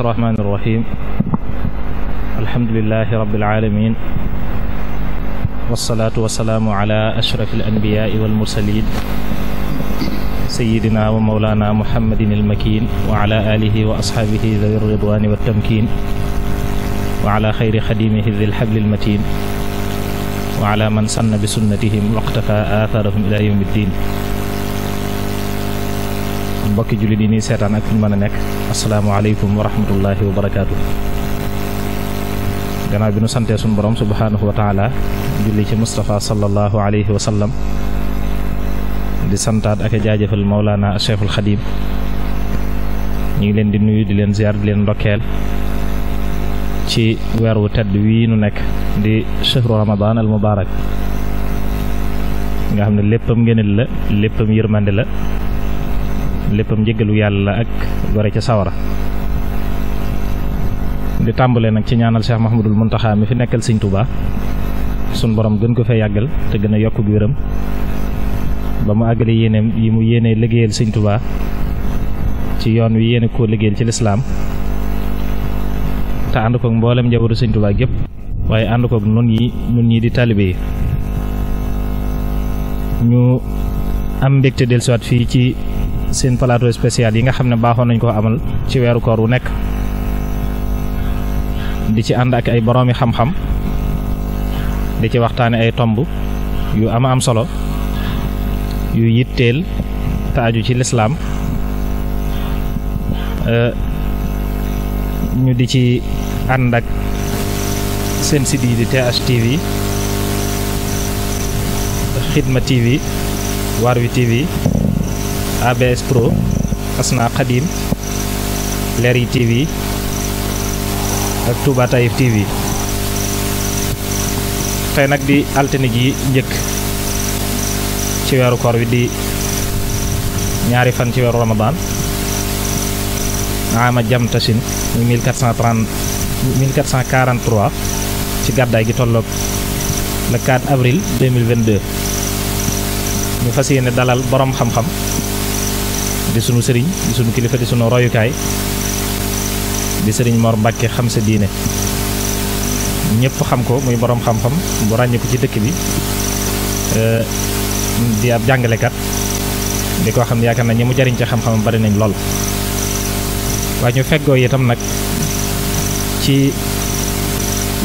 bismillahi irrahmani irrahim alhamdulilahi rabilalamin wasalaatu wasalaamu ala ashraf alanbiyaai walmursalin sayidina wa mawlana muhammadin almakin wa ala alihi wa asxaabihi dawi ridwani waltamkin wa ala xayri xadimihi di lxabli almatin wa ala man sanna bi sunnatihim waqtafa aatharahum ila yawmi ddin mbokki jullit yi nii seetaan ak fi ñu mën a nekk asalaamaaleykum wa rahmatullahi wa barakaatu. gannaaw bi nu santee suñu borom subhaanahu wa taala julli ci Moustapha sallallahu alayhi wa sallam di santaat ak a jaajëfal Mawlana Cheikhul Xadim ñu ngi leen di nuyu di leen ziar di leen ndokkeel ci weer wu tedd wii nu nekk di chahru ramadan al mubarak nga xam ne léppam ngëneel la léppam yërmande la léppam njëggalu yàlla ak gore ca sawara di tàmbalee nag ci ñaanal Cheikh Mahmadul Muntaxa mi fi nekkal Sëñ Tuubaa sun borom gën ko fee yàggal te gën a yokk bi ba mu àggale yéeneem yi mu yéene liggéeyal Sëñ Tuubaa ci yoon wi yéene koo liggéeyal ci lislaam te ànd koog mboolem njabootu Sëñ Tuubaa gépp waaye ànd koog nun yi nun ñi di taalibe yi ñu am mbégte dellusiwaat fii ci seen plateau spécial yi nga xam ne baaxoo nañ ko amal ci weeru koor wu nekk di ci ànd ak ay boroomi xam-xam di ci waxtaane ay tomb yu ama am solo yu yitteel taaju ci lislaam ñu di ci ànd ak seen site yi di TH TV Xidma TV Waarwi TV ABS Pro Asna Khadim Leeral TV ak Touba Taif TV tey nag di altine ji njëkk ci weeru koor wi di ñaari fan ci weeru Ramadan ama jam tasin 1430 1443 ci gàddaay gi tolloog le 4 avril 2022 ñu fas ne dalal boroom xam-xam di sunu sëriñ di sunu kilifa di sunu royukaay di sëriñ Mor Mbàkke xam sa diine ñëpp xam ko muy boroom xam-xam bu ràññeeku ci dëkk bi mm, di ab jàngalekat li ko xam ne yaakaar na ñi mu jariñ ci xam-xam bari nañ lool waaye ñu feggoo itam nag ci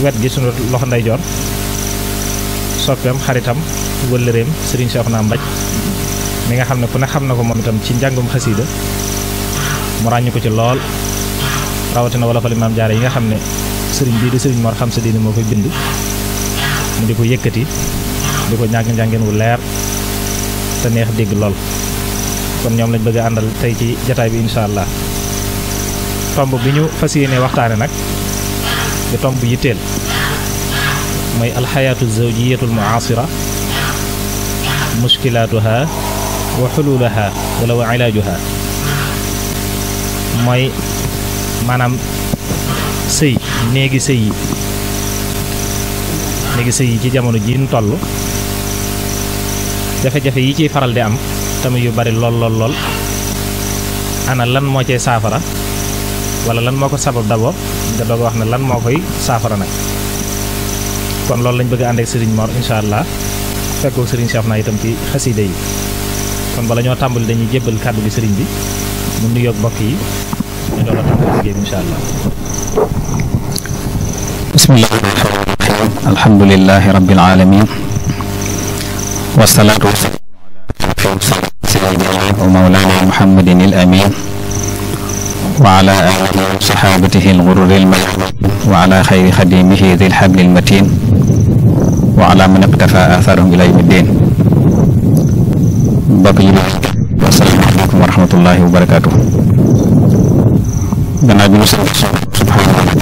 wet gi sunu loxo ndeyjoor soppeem xaritam wëllëreem sëriñ Seexuna Mbaj mi nga xam ne ku ne xam na ko moom itam ci njàngum xasiida mu ràññ ko ci lool rawatina wala fa jaare yi nga xam ne sëriñ bii di sëriñ Mor xam sa diine moo koy bind mu di ko yëkkati ko njàng njàngeen wu leer te neex dégg lool kon ñoom lañ bëgg a àndal tey ci jataay bi incha allah tomb bi ñu fas yéenee waxtaane nag di tomb yitteel mooy alxayaatu zawjiyatul muasira muskilaatuha wa xululaha wala wa ilaajuha mooy maanaam sëy néegi sëy yi néegi sëy yi ci jamono ji ñu toll jafe-jafe yi ciy faral di am tamit yu bari lool lool lool ana lan moo cee saafara wala lan moo ko sabab d'abord nga doog wax ne lan moo koy saafara nag kon loolu lañ bëgg ànd ak Serigne Mor allah fekkoo Serigne Cheikh naa itam ci xasida yi kon bala ñoo tàmbali dañuy jébbal kàddu gi sëriñ bi mu nuyoo ak mbokk yi ñu doon la tàmbali liggéey bi incha allah. bismillahi rahmaani rahim alhamdulillahi rabbil alamin wasalaatu wasalaam wa mawlana muhammadin al amin wa ala alihi wa sahabatihi al ghurur al makin wa ala xayri xadimihi dil hablil matin wa ala man iqtafa atharahum ila yawmiddin mbokk yi maa ngi asalaamaaleykum wa rahmatullahi gannaaw bi ñu sant subhaanahu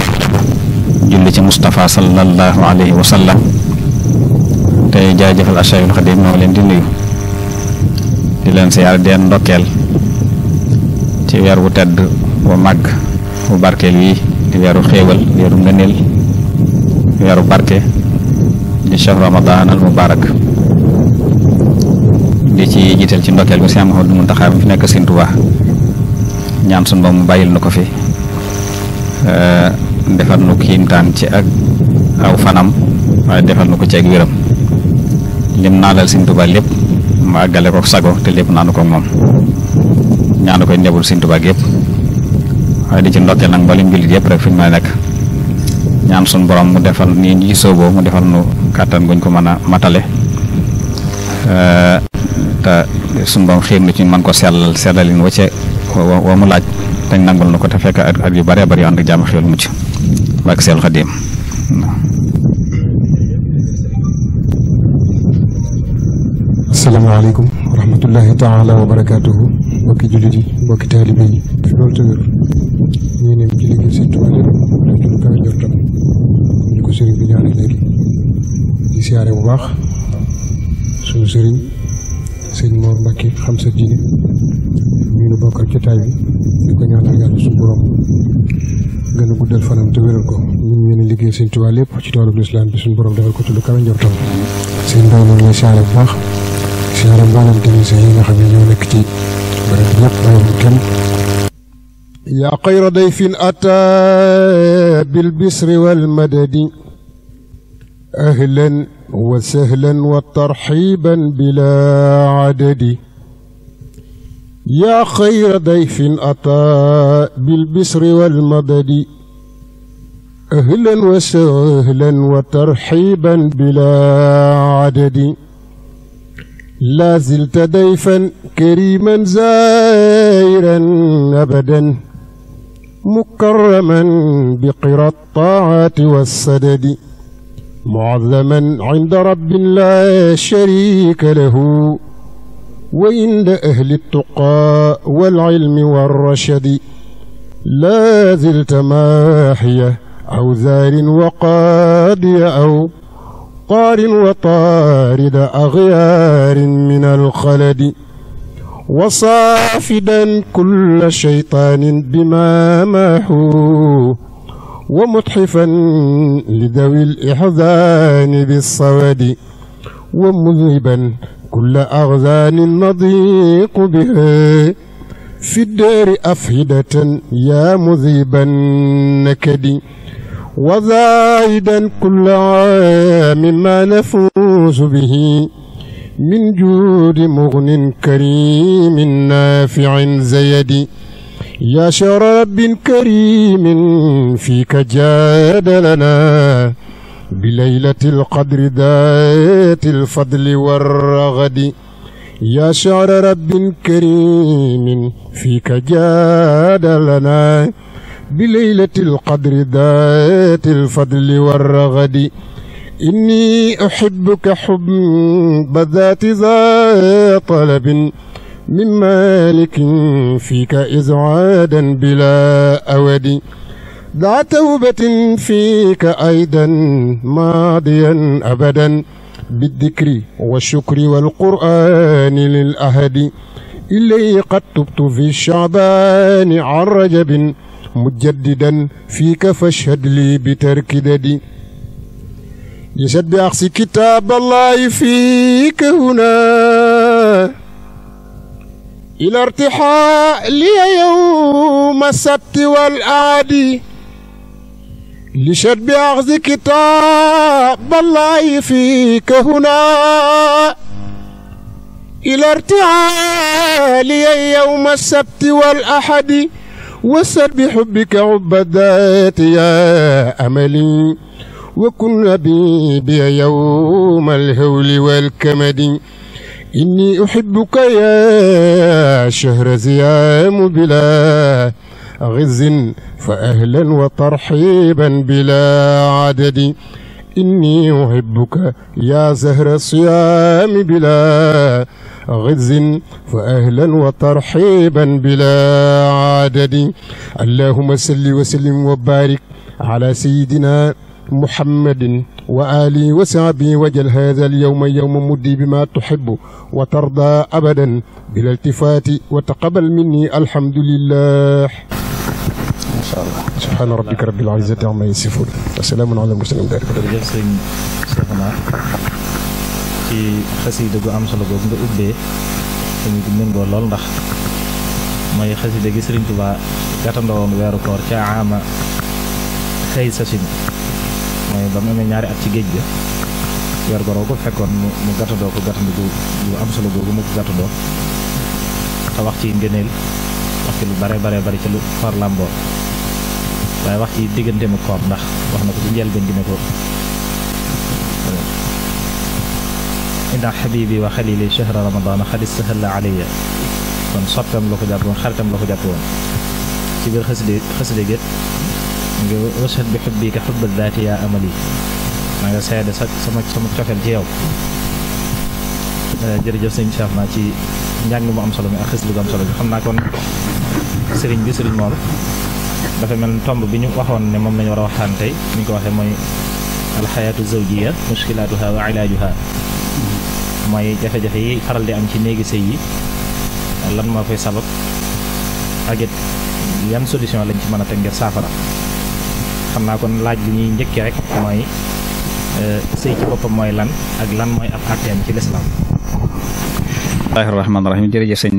julli ci Moustapha sallallahu alayhi wa sallam tey jaajëfal Achayul Xadim moo leen di nuyu di leen siyaar di ndokkeel ci weer wu tedd wu màgg wu barkeel yi di weeru xéewal weeru ngëneel weeru barke di chef Ramadan al di ci jiital ci ndokkeel bi Cheikh Mouhamadou Mountakha mi fi nekk Serigne Touba ñaan sunu Boroom mu bàyyil na ko fi eh, defal nu kiimtaan ci ak aw fanam waaye defal na ko ci ak wéram lim naalal Serigne lépp mu àggale ko sago te lépp naanu ko moom ñaanu koy ndebul Serigne Touba yëpp waaye di ci ndokkeel nag mboolem jullit yëpp rek fi ñu may nekk ñaan sunu Boroom mu defal nii ñi sooboo mu defal nu kàttan guñ ko mën a matale eh, te euh, suñu boom xéem ci man ko sellal sellalin wa ca mu laaj dañ nangul na ko te fekk at yu bëree bëri yu ànd ak jàmm xéwal mucc bak seel xadim asalaamaaleykum wa rahmatullahi taala wa jullit yi mbokki taalibe yi def loolu tëwér ñii ne ci liggéey seen tubaab def ko sëriñ bi ñaane léegi di siyaare bu baax suñu sëriñ sëñ Mor Mbacke xam sa diine ñu nu bokkal jotaay bi di ko ñaanal yàlla suñu borom gën a guddal fanam te wéral ko ñun ñu ne liggéey sëñ Tuubaa lépp ci toolu lislaam bi suñu borom defal ko tudd kawe njortam seen mbay moom lay siyaare bu baax siyaare mboolem technicien yi nga xam ne ñoo nekk ci bërëb bi yëpp bàyyiwuñ kenn yaa xayra dayfin ataa bil bisri wal madadi أهلا وسهلا وترحيبا بلا عدد يا خير ضيف أتى بالبسر والمدد أهلا وسهلا وترحيبا بلا عدد لا زلت ضيفا كريما زائرا أبدا مكرما بقرى الطاعات والسدد معظما عند رب لا شريك له وعند أهل التقى والعلم والرشد لا زلت ماحية أو زار وقادية أو قار وطارد أغيار من الخلد وصافدا كل شيطان بما ماحوه ومتحفا لذوي الإحزان بالصواد ومذهبا كل أغزان نضيق بها في الدار أفهدة يا مذيب النكد وزايدا كل عام ما نفوز به من جود مغن كريم نافع زيد يا شرب كريم فيك جادلنا بليلة القدر ذات الفضل والرغد يا شعر رب كريم فيك جادلنا بليلة القدر ذات الفضل والرغد إني أحبك حب ذات ذا طلب من مالك فيك إزعادا بلا أود دع توبة فيك أيضا ماضيا أبدا بالذكر والشكر والقرآن للأهد إلي قد تبت في الشعبان عن رجب مجددا فيك فاشهد لي بترك ددي يشهد بأخص كتاب الله فيك هنا إلى ارتحالي يوم السبت والآدي لشد بأخذ كتاب الله فيك هنا إلى ارتعالي يوم السبت والأحد وسر بحبك عبدات يا أملي وكن بي يوم الهول والكمد inni uhibbuka ya shahra ziyaamu bila غز فأهلا وترحيبا بلا عدد إني أحبك يا زهر الصيام بلا غز فأهلا وترحيبا بلا عدد اللهم صل وسلم وبارك على سيدنا محمد وآلي وصحبي وجل هذا اليوم يوم مدي بما تحب وترضى أبدا بلا التفات وتقبل مني الحمد لله ما شاء الله سبحان ربك رب العزة عما يصفون وسلام على المرسلين دار ci xasida gu am solo boobu nga ubbee tamit méngoo lool ndax mooy xasida gi Sëriñ Tuubaa gàttandowoon weeru koor ca ama xëy sasin mooy ba mu amee ñaari at ci géej ga yor goroo ko fekkoon mu mu gàttandoo ko gàttandiku lu am solo googu mu ko gàttandoo te wax ci ngëneel wax ci lu bare bare bari ci lu far làmboo waaye wax ci diggante mu koor ndax wax na ko ci njëlbeen gi ne ko inna xabibi wa xalili chahra ramadana xad istahalla alayya kon sottam la ko jàpp woon xaritam la ko jàpp woon ci biir xaside xaside gét wasat bi xubbika xubba daati yaa amali maa nga seede sa sama sama cofeel ci eh, jërëjëf sëñ Cheikh naa ci njàng mu am solo mi ak xis lu am solo bi xam naa kon sëriñ bi sëriñ moom dafa mel tomb bi ñu waxoon ne moom lañu war a waxtaan tey ñu ko waxee mooy alxayaatu zawjiya mushkilaatuha wa ilaajuha mooy jafe-jafe yi faral di am ci néegi sëy yi lan moo koy sabab ak yan solution lañ ci mën a teg ngir saafara xam naa kon laaj bi ñuy njëkki rek mooy euh, sëy ci boppam mooy lan ak lan mooy ab àtteem ci lislaam bismillahi rahmaani rahim jërëjëf sëñ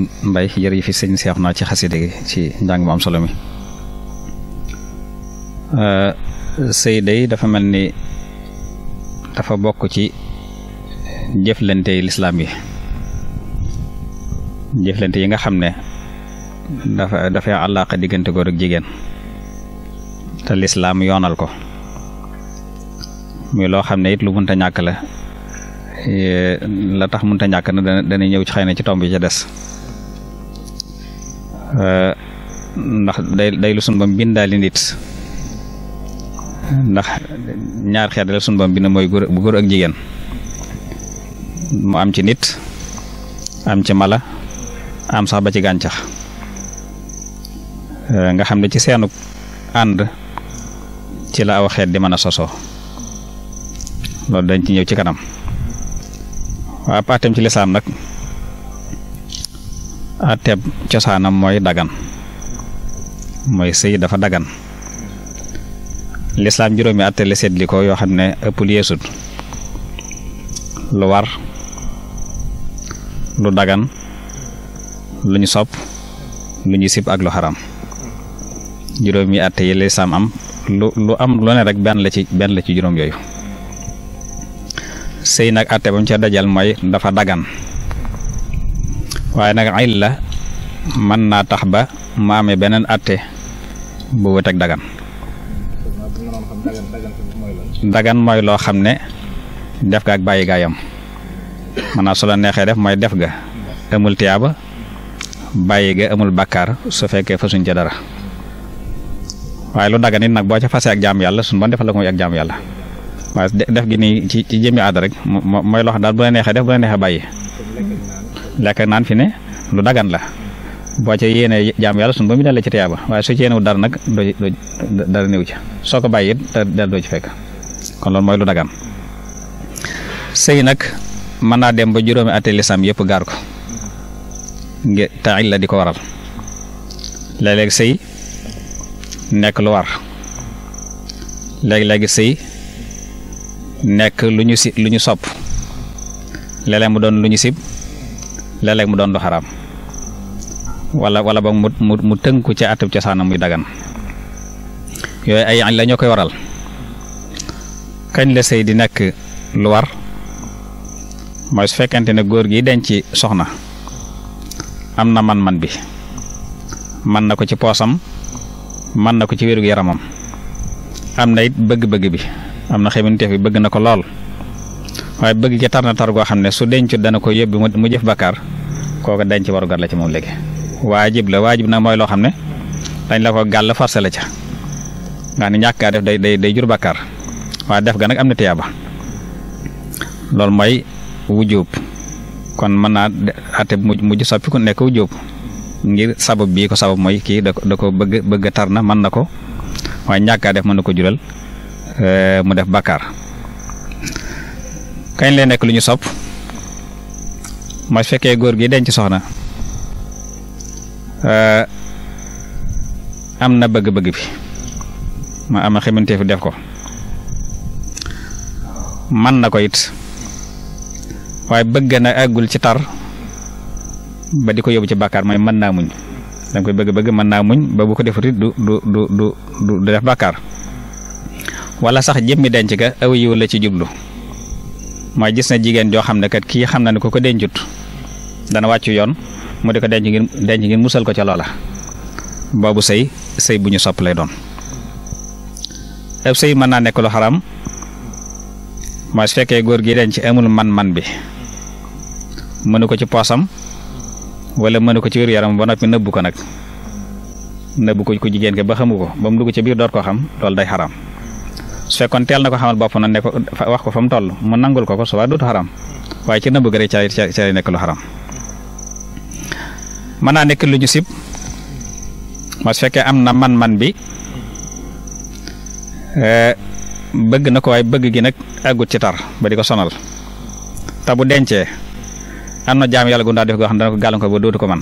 jërëjëf sëñ Seex naa ci xaside gi ci njàng mu am solo mi euh, sëy day dafa mel ni dafa bokk ci jëflante lislaam yi jëflante yi nga xam ne dafa dafay àllaaqa diggante góor ak jigéen te lislaam yonal ko muy loo xam ne it lu munta ñàkk la la tax munta ñàkk na dana ñëw ci xëy na ci tomb yi ca des eh, ndax day day lu sun bam bindaali nit ndax ñaar xeet la sun bam bind mooy góor bu góor ak jigéen mu am ci nit am ci mala am sax ba ci gàncax eh, nga xam ne ci seenu ànd ci la aw xeet di mën a sosoo loolu dañ ci ñëw ci kanam waa paatem ci lislaam nag atteeb cosaanam mooy dagan mooy sëy dafa dagan lislaam juróomi atte la seetli ko yoo xam ne ëpp lu yeesut lu war lu dagan lu ñu sopp lu ñu sib ak lu xaram juróomi atte yi lislaam am lu lu am lu ne benn ci benn la ci sëy nag àtte ba mu ca dajal mooy dafa dagan waaye nag ay la mën naa tax ba ma amee beneen àtte bu teg dagan dagan mooy loo xam ne def ga ak bàyyi gaayam maanaam su la neexee def mooy def ga amul tiyaaba bàyyi ga amul bàkkaar su fekkee fasuñ ca dara waaye lu daga nag boo ca fasee ak jaam yàlla suñu bon defal la ko muy ak jaam yàlla waaye def gi nii ci ci jëmmi aada rek mooy loo xam daal bu la neexee def bu la neexee bàyyi lekk naan fi ne lu dagan la boo ca yéenee jaam yàlla suñu ba mu dal la ci tiyaaba waaye su ci yéenewu dara nag doo doo ci doo ci fekk kon loolu mooy lu dagan sëy nag mën naa dem ba juróomi ate lislaam yëpp gaar ko ngir taxil la di ko waral léeg sëy nekk lu war léegi-léegi sëy nekk lu ñu si lu ñu sopp léeg mu doon lu ñu sib léeg-léeg mu doon lu xaraam wala wala ba mu mu mu tënku ca atub cosaanam muy dagan yooyu ay la ñoo koy waral kañ la sëy di nekk lu war mooy su fekkente ne góor gi denc soxna am na man-man bi man na ko ci poosam mën na ko ci wérgu yaramam am na it bëgg-bëgg bi am na xeminteef bi bëgg na ko lool waaye bëgg ci tar na tar goo xam ne su dencut dana ko yóbbi mu jëf bakkaar kooka denc warugar la ci moom léegi waajib la waajib nag mooy loo xam ne dañ la ko gàll forcé la ca nga ne ñàkk a def day day day jur bakkaar waa def ga nag am na tiyaaba loolu mooy wujub kon mën naa àtte mujj soppi ku nekk wujub ngir sabab bii ko sabab mooy kii da ko bëgg bëgg tar na man na ko waaye ñàkkaa def mën na ko jural eh, mu def bàkkaar kañ lay nekk lu ñu sopp ma fekkee góor gi denc soxna eh, am na bëgg-bëgg bi ma am na xamante fi def ko mën na ko it waaye bëgg na àggul ci tar ba di ko yóbbu ci bàkkaar mooy mën naa muñ da nga bëgg bëgg mën naa muñ ba bu ko defut it du du du def bàkkaar wala sax jëmmi denc ga aw yiw la ci jublu mooy gis na jigéen joo xam ne kat kii xam na ne ku ko dencut dana wàccu yoon mu di ko denc ngir denc ngir musal ko ca loola boobu sëy sëy bu ñu sopp lay doon ab sëy mën naa nekk lu xaram mooy su fekkee góor gi denc amul man man bi mënu ko ci poosam wala mënu ko ci wér yaram ba noppi nëbbu ko nag nëbbu ko ku jigéen ke ba xamu ko ba mu dugg ci biir door koo xam loolu day xaram su fekkoon teel na ko xamal bopp na ne wax ko fa mu toll mu nangul ko ko su waa dootu xaram waaye ci nëbbu gërë ca ca ca nekk lu xaram mën naa nekk lu ñu sib ma su fekkee am na man-man bi e, bëgg na ko waaye bëgg gi nag àggut ci tar ba di ko sonal te dencee am na jaam yàlla gu ndaa def goo xam ne dana ko gàllankoor ko man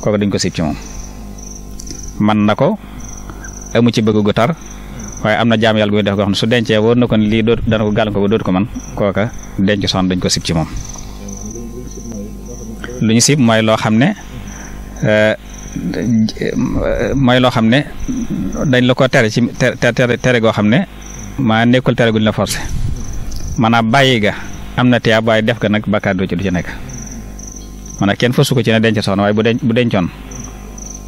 kooku dañ ko sib ci moom na ko amu ci bëgg gu tar waaye am na jaam yàlla gu def goo xam ne su dencee wóor na ko lii dootu dana ko gàllankoor ba ko man kooka denc soxna dañ ko sib ci moom lu ñu sib mooy loo xam ne euh, mooy loo xam ne dañ la ko tere ci tere goo xam ne maa nekkul tere guñ la forcé maanaam bàyyi ga am na tiyaab waaye def ko nag bakkaar du ci ci nekk man a kenn fasu ko ci ne denc soxna waaye bu denc bu dencoon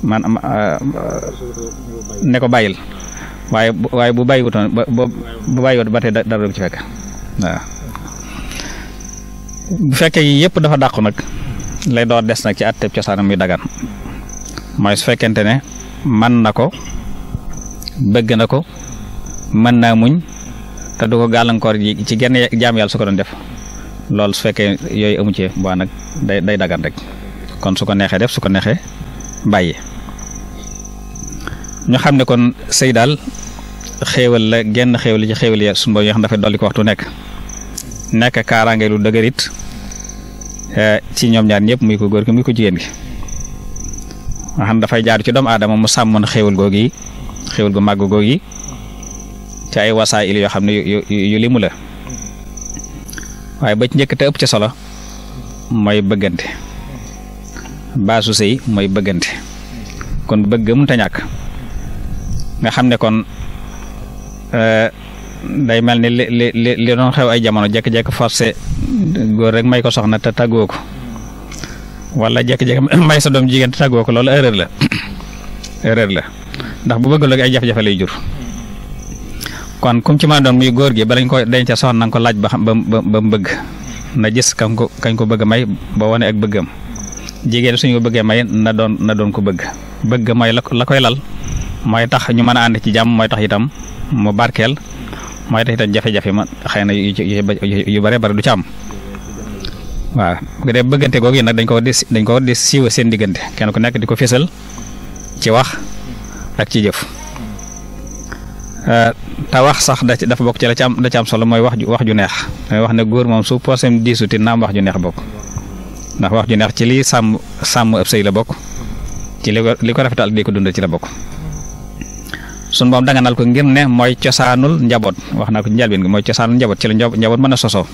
man euh, ne ko bàyyil waaye waaye bu bàyyiwutoon ba bu bàyyiwut ba tey dara du ci fekk waaw bu fekkee yii yëpp dafa dàqu nag lay doo des nag ci àtteeb cosaanam muy dagan mooy su fekkente ne man na ko bëgg na ko mën naa muñ te du ko gàllankoor yi ci genn jaam yàlla su ko doon def loolu su fekkee yooyu amu ci mbaa nag day day dagan rek kon su ko neexee def su ko neexee bàyyi ñu xam ne kon sëy daal la genn xéewal li ci xéewal ya suñu boobu yoo xam dafay dolli ko waxtu nekk nekk kaaraange lu dëgërit eh, ci ñoom ñaar ñëpp muy ko góor ki muy ko jigéen gi nga xam dafay jaar ci doomu aadama mu sàmmoon xéewal googu yi xéewal gu màgg googu yi ci ay wasaayil yoo xam ne yu limu la waaye ba ci njëkk te ëpp ci mooy bëggante baasu sëy mooy bëggante kon bëgg mënut a ñàkk nga xam ne kon euh, day mel ni li li li li doon xew ay jamono jékki-jékki forcé góor rek may ko soxna te tàggoo ko walla jékki-jékki may sa doom jigéen te tàggoo ko loolu erreur la erreur la ndax bu bëgg la ay jafe-jafe lay jur. kon kum ci mën a doon muy góor gi ba lañ ko denc soxna nga ko laaj ba xam ba ba mu bëgg na gis kañ ko kañ ko bëgg may boo wane ak bëggam jigéen suñu ko bëggee may na doon na doon ko bëgg bëgg mooy la la koy lal mooy tax ñu mën a ànd ci jàmm mooy tax itam mu barkeel mooy tax itam jafe-jafe ma xëy na yu yu bare bare du ci am waaw bu dee bëggante googu nag dañ koo di dañ ko di siiwa seen diggante kenn ku nekk di ko fésal ci wax ak ci jëf te wax sax da dafa bokk ci la ci am da am solo mooy wax ju wax ju neex damay wax ne góor moom su poosam diisuti naam wax ju neex bokk ndax wax ju neex ci lii sàmm sàmm ab sëy la bokk ci li ko li ko rafetal di ko dund ci la bokk sun boom danganal ko ngir ne mooy cosaanul njaboot wax naa ko njëlbeen gi mooy cosaanul njaboot ci la njaboot mën a sosoo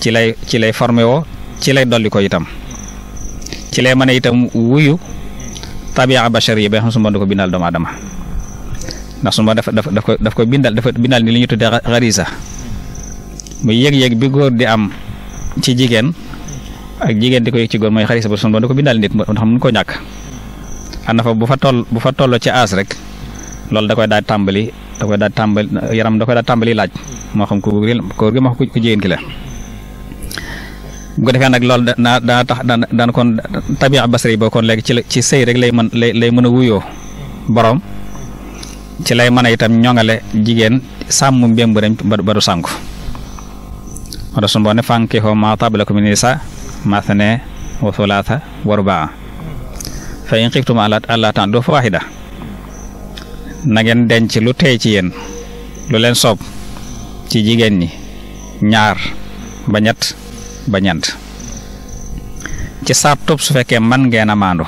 ci lay ci lay formé woo ci lay dolli ko itam ci lay mën a itam wuyu tabiaa bachar yi ba xam su mën ko bindal doomu aadama ndax su ma dafa dafa daf ko daf ko bindal dafa bindal ni li ñu tuddee xarisa muy yëg-yëg bi góor di am ci jigéen ak jigéen di ko yëg ci góor mooy xarisa ba sun ba da ko bindal nit ndax mun koo ñàkk ana fa bu fa toll ci aas rek loolu da koy daal tàmbali da koy daal tàmbali yaram da koy daal tàmbali laaj moo xam ku góor gi moo xam ku jigéen ki la bu ko defee nag loolu dana dana tax dana dana kon tabiya basari boo kon léegi ci ci sëy rek lay mën lay lay mën a wuyoo borom ci lay mën a itam ñoŋale jigéen sàmm mbémb rek ba du sànku moo tax suñu boo ne fankihu maa taaba lakum min nisaa masnaa wa sulaasa wa rubaa fa in xiftum allaa ta'dilu fa waahida na ngeen denc lu tey ci yéen lu leen soob ci jigéen ñi ñaar ba ñett ba ñeent ci sartub su fekkee man ngeen a maandu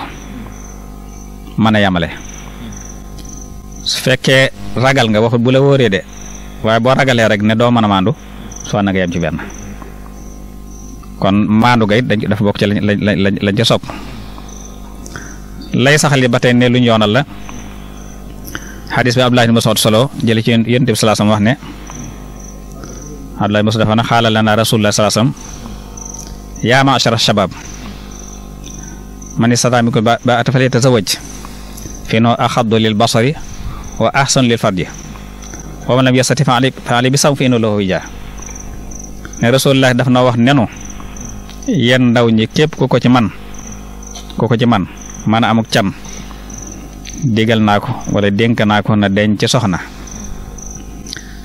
mën a yamale su fekkee ragal nga waxut bu la wóoree de waaye boo ragalee rek ne doo mën a maandu soo na nga yem ci benn kon maandu ga it dañ dafa bokk ci lañ lañ lañ ca sopp lay saxal yi ba tey ne lu ñu yoonal la xadis bi Abdullahi ibn Mas'ud solo jële ci yonent bi salaasam wax ne Abdullahi ibn Mas'ud dafa ne xaala lana rasulullah salaasam yaa ma'shara shabaab man istata'a minkum baa'atan falyatazawwaj fa innahu axaddu lil basari wa ahsan lil farji wa man lam yastati fa ali bi saw fi inu lahu wija ne rasulullah daf na wax nenu yenn ndaw ñi képp ku ko ci man ku ko ci man man a amuk can digal naa ko wala dénk naa ko na deñ ci soxna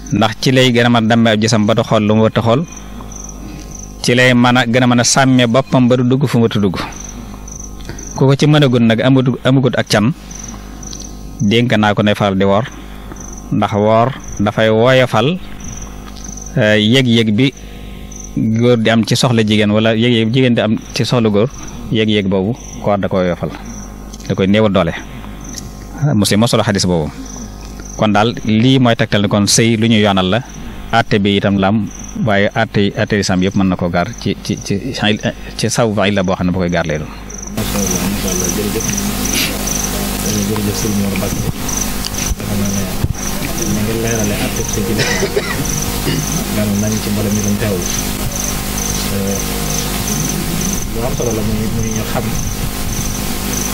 ndax ci lay gën a mën a dammee ab gisam ba du xool lu mu wërta xool ci lay mën a gën a mën a sàmmee boppam ba du dugg fu mu wërta dugg ku ko ci mën a gudd nag amugut ak can dénk naa ko ne faral di woor ndax woor dafay woyofal eh, yëg-yëg bi góor di am ci soxla jigéen wala yëg-yëg jigéen di am ci soxla góor yég yëg boobu koor da ko woyofal da koy néewal doole muslim moo solo xadis boobu kon daal lii mooy tegtal ni kon sëy lu ñuy yonal la àtte bi itam lam waaye àtte yi àtte sam yëpp mën na koo gaar ci ci ci ci saw la boo xam ne ba koy gaar lay doon jërëjëf sëñ Mor Mbacke dafa naa ne ñu ngi leerale ak teg te jëlee daal nañ ci mboolem mi doon teewlu lu am la muy muy ñu xam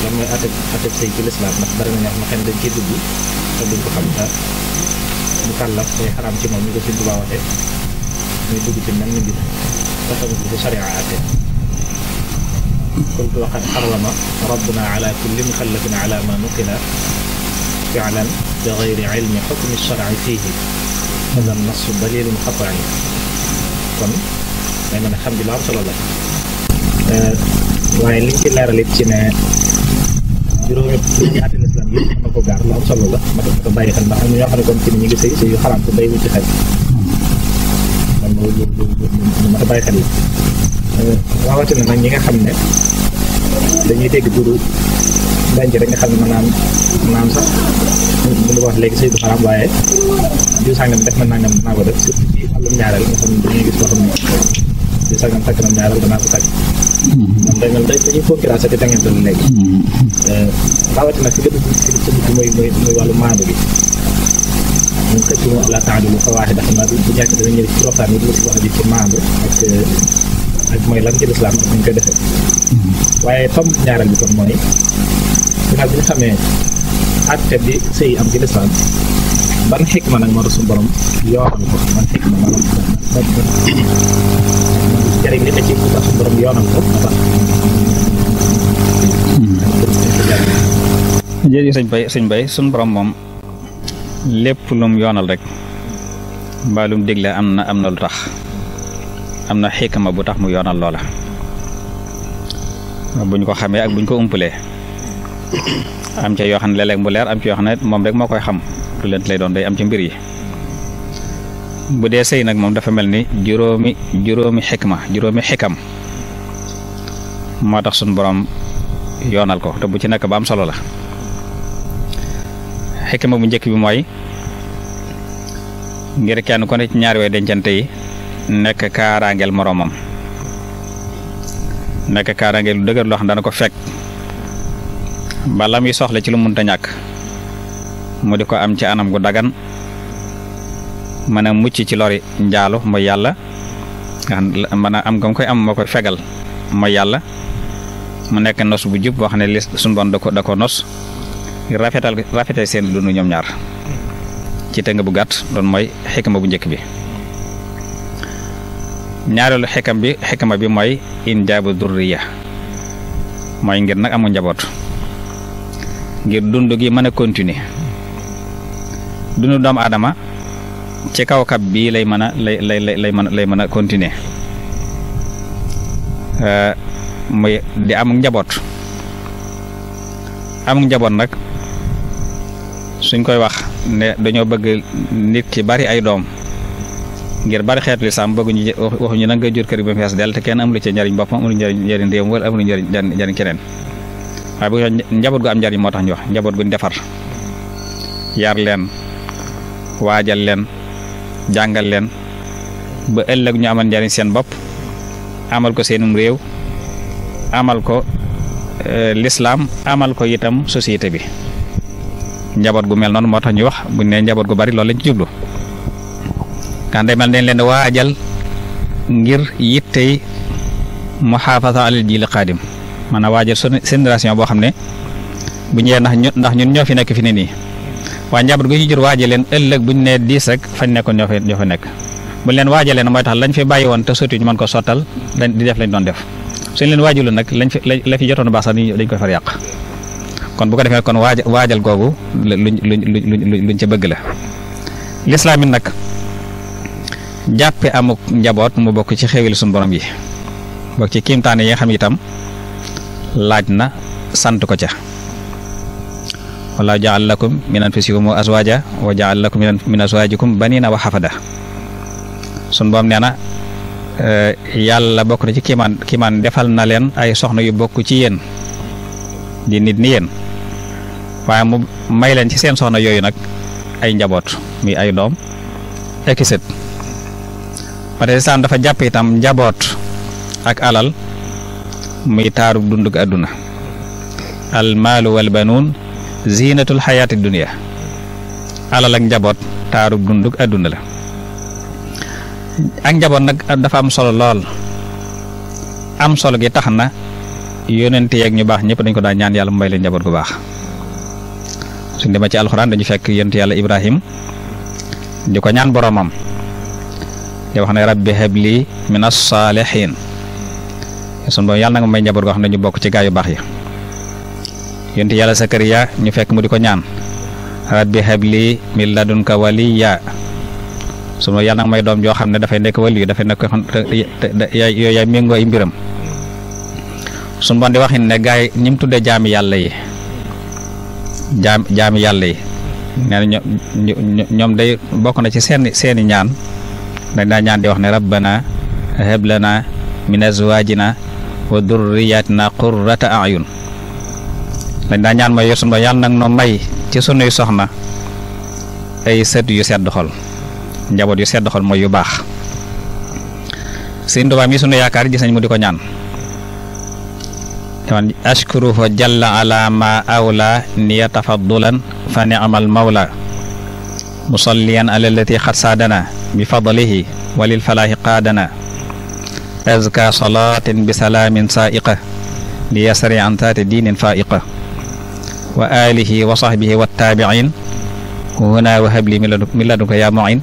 lan mooy ateb ci lislaam ndax bari na ñoo xam ne dañ ciy dugg te duñ ko xam ta mu kàllaf day xaraam ci moom ñu ko si Tuubaa waxee muy dugg ci mel ni mbir te xamul ko si sariya ate kuntu waqad xarama rabbuna ala kulli muxallafin ala ma nuqila filan bi gayri ilmi xukmi sharci fiihi hada nasu dalilun qatci kon day mën a xam bi lu am solo la waaye liñ ci leeral it ci ne juróomi juróomi ati lislaam yëpp mën na ko gaar lu am solo la ma def ko bàyyi xel ndax am na ñoo xam ne kon ci ni ñu ngi sëy sëy yu xaraam te bay wu ci xel man loolu lu lu lu ma bàyyi xel la rawatina nag ñi nga xam ne dañuy dégg turu denc nga xam ne maanaam maanaam sax mu ngi wax léegi saytu xaram waaye jiw sàngam def na nangam naa ko def surtout ci wàllum ñaareel nga xam ne dañuy takk ko takk. moom day mel day dañuy concurrencé te dangeen doon léegi. Eh, rawatina fi gën a fi gën a tudd mooy mooy naa bu ñàkk dana ñëw ci waxtaan bi lu ci wax ji ci maandu eh, ak mooy lan ci lislaam ak ñu koy defee waaye tom ñaareel bi kon mooy ginnaaw bi ñu xamee àtte bi sëy am ci lislaam ban xikma nag moo tax suñu ne ci yoonal rek mbaa lum digle am na am na lu tax am na xikma bu tax mu yoonal loola buñ ko xamee ak buñ ko umpalee am ca yoo xam ne léeg-léeg mu leer am ci yoo xam ne moom rek moo koy xam lu leen lay doon day am ci mbir yi bu dee sëy nag moom dafa mel ni juróomi juróomi ma juróomi xikam moo tax suñu borom yoonal ko te bu ci nekk ba am solo la ma bu njëkk bi mooy ngir kenn ku ne ci ñaari way dencante yi nekk kaaraangeel moroomam nekk kaaraangeel lu dëgër loo xam dana ko fekk ba yi muy soxla ci lu munta ñàkk mu di ko am ci anam gu dagan mën a mucc ci lori njaalu mooy yàlla mën a am nga mu koy am moo koy fegal mooy yàlla mu nekk nos bu jub boo xam ne li suñu bon da ko da ko nos rafetal rafetal seen dund ñoom ñaar ci tëng bu gàtt doon mooy xikma bu njëkk bi ñaareelu xikam bi xikama bi mooy injaabu durriya mooy ngir nag amu njaboot ngir dund gi mën a continuer dundu doomu aadama ci kaw bii lay mën a lay lay lay mën lay mën a continuer muy di am njaboot amuk njaboot nag suñ koy wax ne dañoo bëgg nit ki bari ay doom ngir bari xeetu lislaam bëgguñu waxuñu na nga jur kër gi ba mu fees dell te kenn amul ci njariñ boppam amul njariñ njariñ réew wala amul keneen waaye njaboot gu am njariñ moo tax ñu wax njaboot guñ defar yar leen waajal leen jàngal leen ba ëllëg ñu amal njariñ seen bopp amal ko seenum réew amal ko e, lislaam amal ko yitam société bi njaboot gu mel noonu moo tax ñu wax buñ ne njaboot gu bari lool lañ ci jublu ndax demal dañ leen di waajal ngir yittey muhaafasa alal jiil xaadim maanaam waajal seen génération boo xam ne bu ñëwee ndax ñun ndax ñun ñoo fi nekk fi ne nii waaye njaboot gu ñu jur waajal leen ëllëg bu ñu nee diis ak fañ nekkoon ñoo fa ñoo fa nekk bu leen waajalee nag mooy tax lañ fi bàyyi woon te sotti ñu man ko sottal dañ di def lañ doon def suñ leen waajalu nag lañ fi la fi jotoon baax sax dañ koy far yàq kon bu ko defee kon waajal waajal googu luñ luñ luñ luñ ci bëgg la jàppe amuk njaboot mu bokk ci xewil suñu borom yi bokk ci kiimtaane yi xam itam laaj na sant ko ca wala jaal lakum min anfusikum azwaja wa jaal lakum min azwajikum banina wa xafada suñu borom nee na eh, yàlla bokk na ci kiimaan kiimaan defal na leen ay soxna yu bokk ci yéen di nit ni yéen waaye mu may leen ci seen soxna yooyu nag ay njaboot muy ay doom ak ba tey dafa jàpp itam njaboot ak alal muy taaru dund ak àdduna al maalu wal ziinatul xayaati dunia alal ak njaboot taaru dund ak àdduna la ak njaboot nag dafa am solo lool am solo gi tax na yonent yeeg ñu baax ñëpp dañ ko daan ñaan yàlla mu may leen njaboot gu baax su demee ci alxuraan dañu fekk yonent yàlla Ibrahim di ko ñaan boroomam di wax ne rabbi habli mina saalihin sunu boroom yàlla na nga may njaboot goo xam ne bokk ci gaa yu baax yi yonent yàlla Sakariya ñu fekk mu di ko ñaan rabbi habli min ladunka waliya sunu boroom yàlla na doom joo xam ne dafay nekk waliyu dafay méngoo ay mbiram sunu boroom di wax ne gaa ñi tuddee jaami yàlla yi jaam jaami yàlla yi ñoom day bokk na ci seeni seeni ñaan dañ daa ñaan di wax ne rabbana hab min azwaajina wa durriyaatina qurrata ayun dañ daa ñaan mooy yor sunu yàlla nag no may ci sunuy soxna ay sët yu sedd xol njaboot yu sedd xol mooy yu baax Sëriñ Tuubaa mi sunu yaakaar gis nañ mu di ko ñaan taman ashkuruhu jalla ala ma awla niya tafaddulan fa ni'mal mawla musalliyan ala allati xat saadana بفضله وللفلاح قادنا أزكى صلاة بسلام سائقة ليسري عن ذات دين فائقة وآله وصحبه والتابعين هنا وهب لي من لدنك يا معين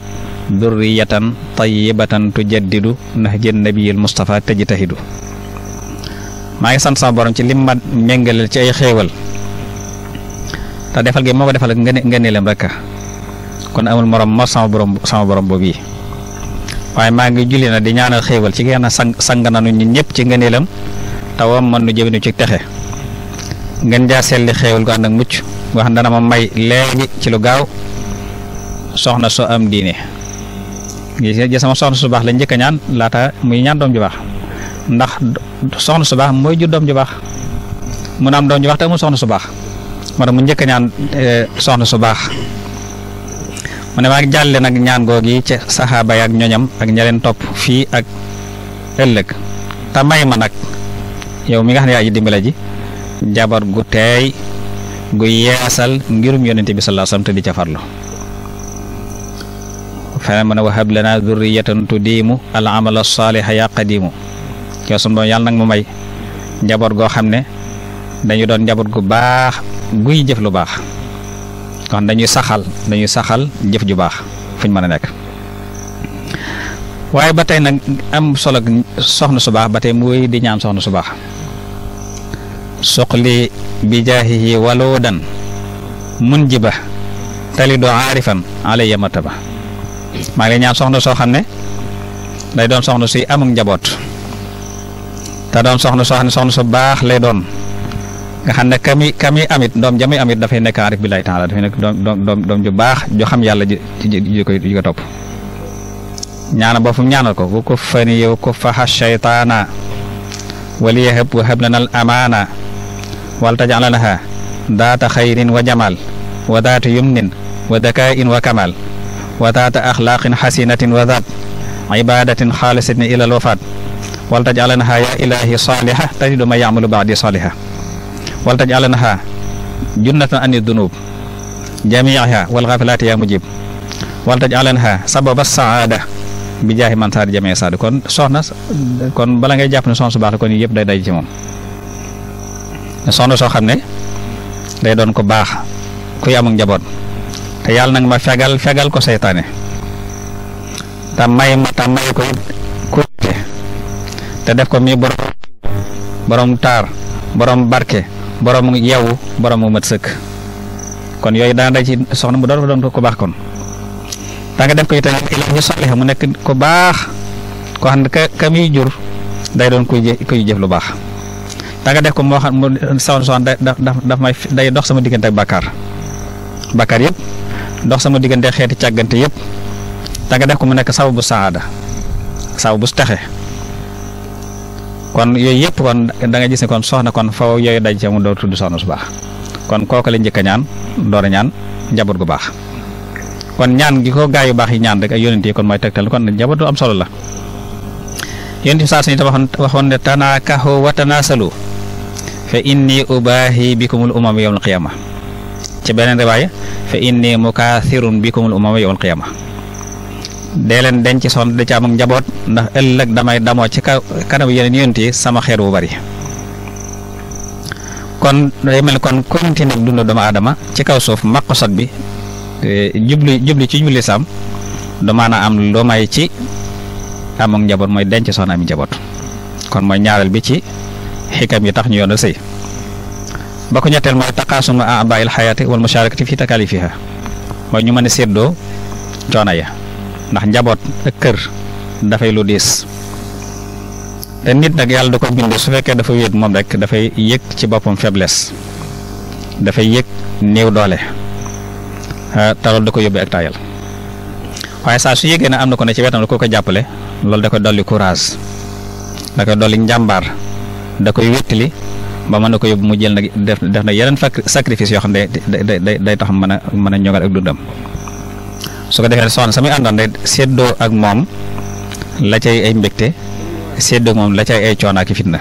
ذرية طيبة تجدد نهج النبي المصطفى تجتهد maa ngi sant sama borom ci lim ma méngaleel ci ay xéewal te defal gi moo ko defal ngëneelam rekk kon amul morom mor sama borom sama borom boobu yi waaye maa ngi julli na di ñaanal xéewal ci kenn sang sang nanu ñun ñëpp ci ngëneelam tawam man nu jëminu ci texe ngeen jaa selli xéewal gu ànd ak mucc nga xam dana ma may léegi ci lu gaaw soxna soo am diine gi sama soxna su baax la njëkk a ñaan laata muy ñaan doom ju baax ndax soxna su baax mooy jur doom ju baax mun am doom ju baax te amul soxna su baax moo tax mu njëkk ñaan eh, soxna su baax mu ne maa ngi jàlle nag ñaan goog yi ci saxaaba yi ak ñoñam ak ña topp fii ak ëllëg te may ma nag yow mi nga xam ne yaa ji dimbale ji jaboot gu teey gu yeesal ngirum yonente bi sallallahu alayhi te di ca farlu feneen mu ne wahab lana dhurriyatan tudiimu al amala saaliha ya qadimu yow sunu doom yàlla nag mu may njaboot goo xam ne dañu doon njaboot gu baax guy jëf lu baax kon dañuy saxal dañuy saxal jëf ju baax fu ñu mën a nekk waaye ba tey nag am solo soxna su baax ba tey muy di ñaan soxna su baax suqli bi jaahihi waloodan mun jiba tali doo aarifan alayya ba maa ngi lay ñaan soxna soo xam ne day doon soxna suy amuk njaboot te doon soxna soo xam ne soxna su baax lay doon nga xam ne kami kami amit doom jami amit dafay nekk arif billahi taala dafay doom ju baax ju yàlla ji ji ko ji ko topp ñaana ba fu ñaanal ko bu ko fani yow ko shaytaana wali yahab wa hab lana al amaana wal tajalanaha daata xayrin wa jamal wa daata yumnin wa dakaa'in wa kamal wa daata axlaaqin xasinatin wa daat ibadatin xaalisatin ila al wafaat wal tajalanaha ya ilahi saaliha tajidu ma yacmalu baadi saaliha wal taj alanaha junnatan ani dunub jamiiha wal xaafilaati yaa mujib wal taj alanaha sababa saada bi jaahi man saada jamee saada kon soxna kon bala ngay jàpp ne soxna su baax la kon yëpp day day ci moom soxna soo xam ne day doon ko baax kuy am njaboot te yàlla nag ma fegal fegal ko seytaane te may ma may ko it te def ko mi borom borom taar borom barke borom yeewu borom mu mat sëkk kon yooyu daan da ci soxna mu doon doon ko baax kon da nga def ko itam ñu soxla mu nekk ko baax ko xam ne ka ka muy jur day doon koy koy jëf lu baax da def ko moo xam mu sawoon soxna da daf day dox sama diggante ak bàkkaar bàkkaar yëpp dox sama diggante xeeti càggante yëpp da def ko mu nekk saw bu saada saw bu texe kon yooyu yëpp kon da nga gis ne kon soxna kon faw yooyu daj ca mu door tudd soxna su baax kon kooku la njëkk a ñaan door a ñaan njaboot gu baax kon ñaan gi ko gaa yu baax yi ñaan rek ay yonent yi kon mooy tegtal kon njaboot am solo la yonent bi saa suñu waxoon waxoon ne tanaakahu wa tanaasalu fa inni ubaahi bikumul umam yawmal qiyaama ci beneen riwaaya fa inni mukaasirun bikumul umam yawmal qiyaama dee leen denc son da ci am njaboot ndax ëllëg damay damoo ci kanam yeneen yonent yi sama xeet wu bari kon day mel kon continuer dund doomu adama ci kaw suuf maqasad bi jubli jubli ci jubli sam du maanaam am lu may ci amuk njaboot mooy denc son am njaboot kon mooy ñaareel bi ci xikam yi tax ñu yoonal sëy ba ko ñetteel mooy taqaasum abaayil xayaati wal musharakati fi takalifiha mooy ñu mën a seddoo coono ya ndax njaboot ak kër dafay lu diis te nit nag yàlla du ko bindee su fekkee dafa wéet moom rek dafay yëg ci boppam faiblesse dafay yëg néew doole tarool da ko yóbbee ak taayal waaye saa su yëgee ne am na ko ne ci wetam da ko ko jàppale loolu da koy dolli courage da koy dolli njàmbaar da koy wéttali ba mën na ko yóbbu mu jël nag def def na yeneen sacrifice yoo xam ne day day day tax mën a mën a ñogal ak dundam su ko defee soxna samay àndaan de séddoo ak moom la cay ay mbégte séddoo moom la ca ay coono ak fitna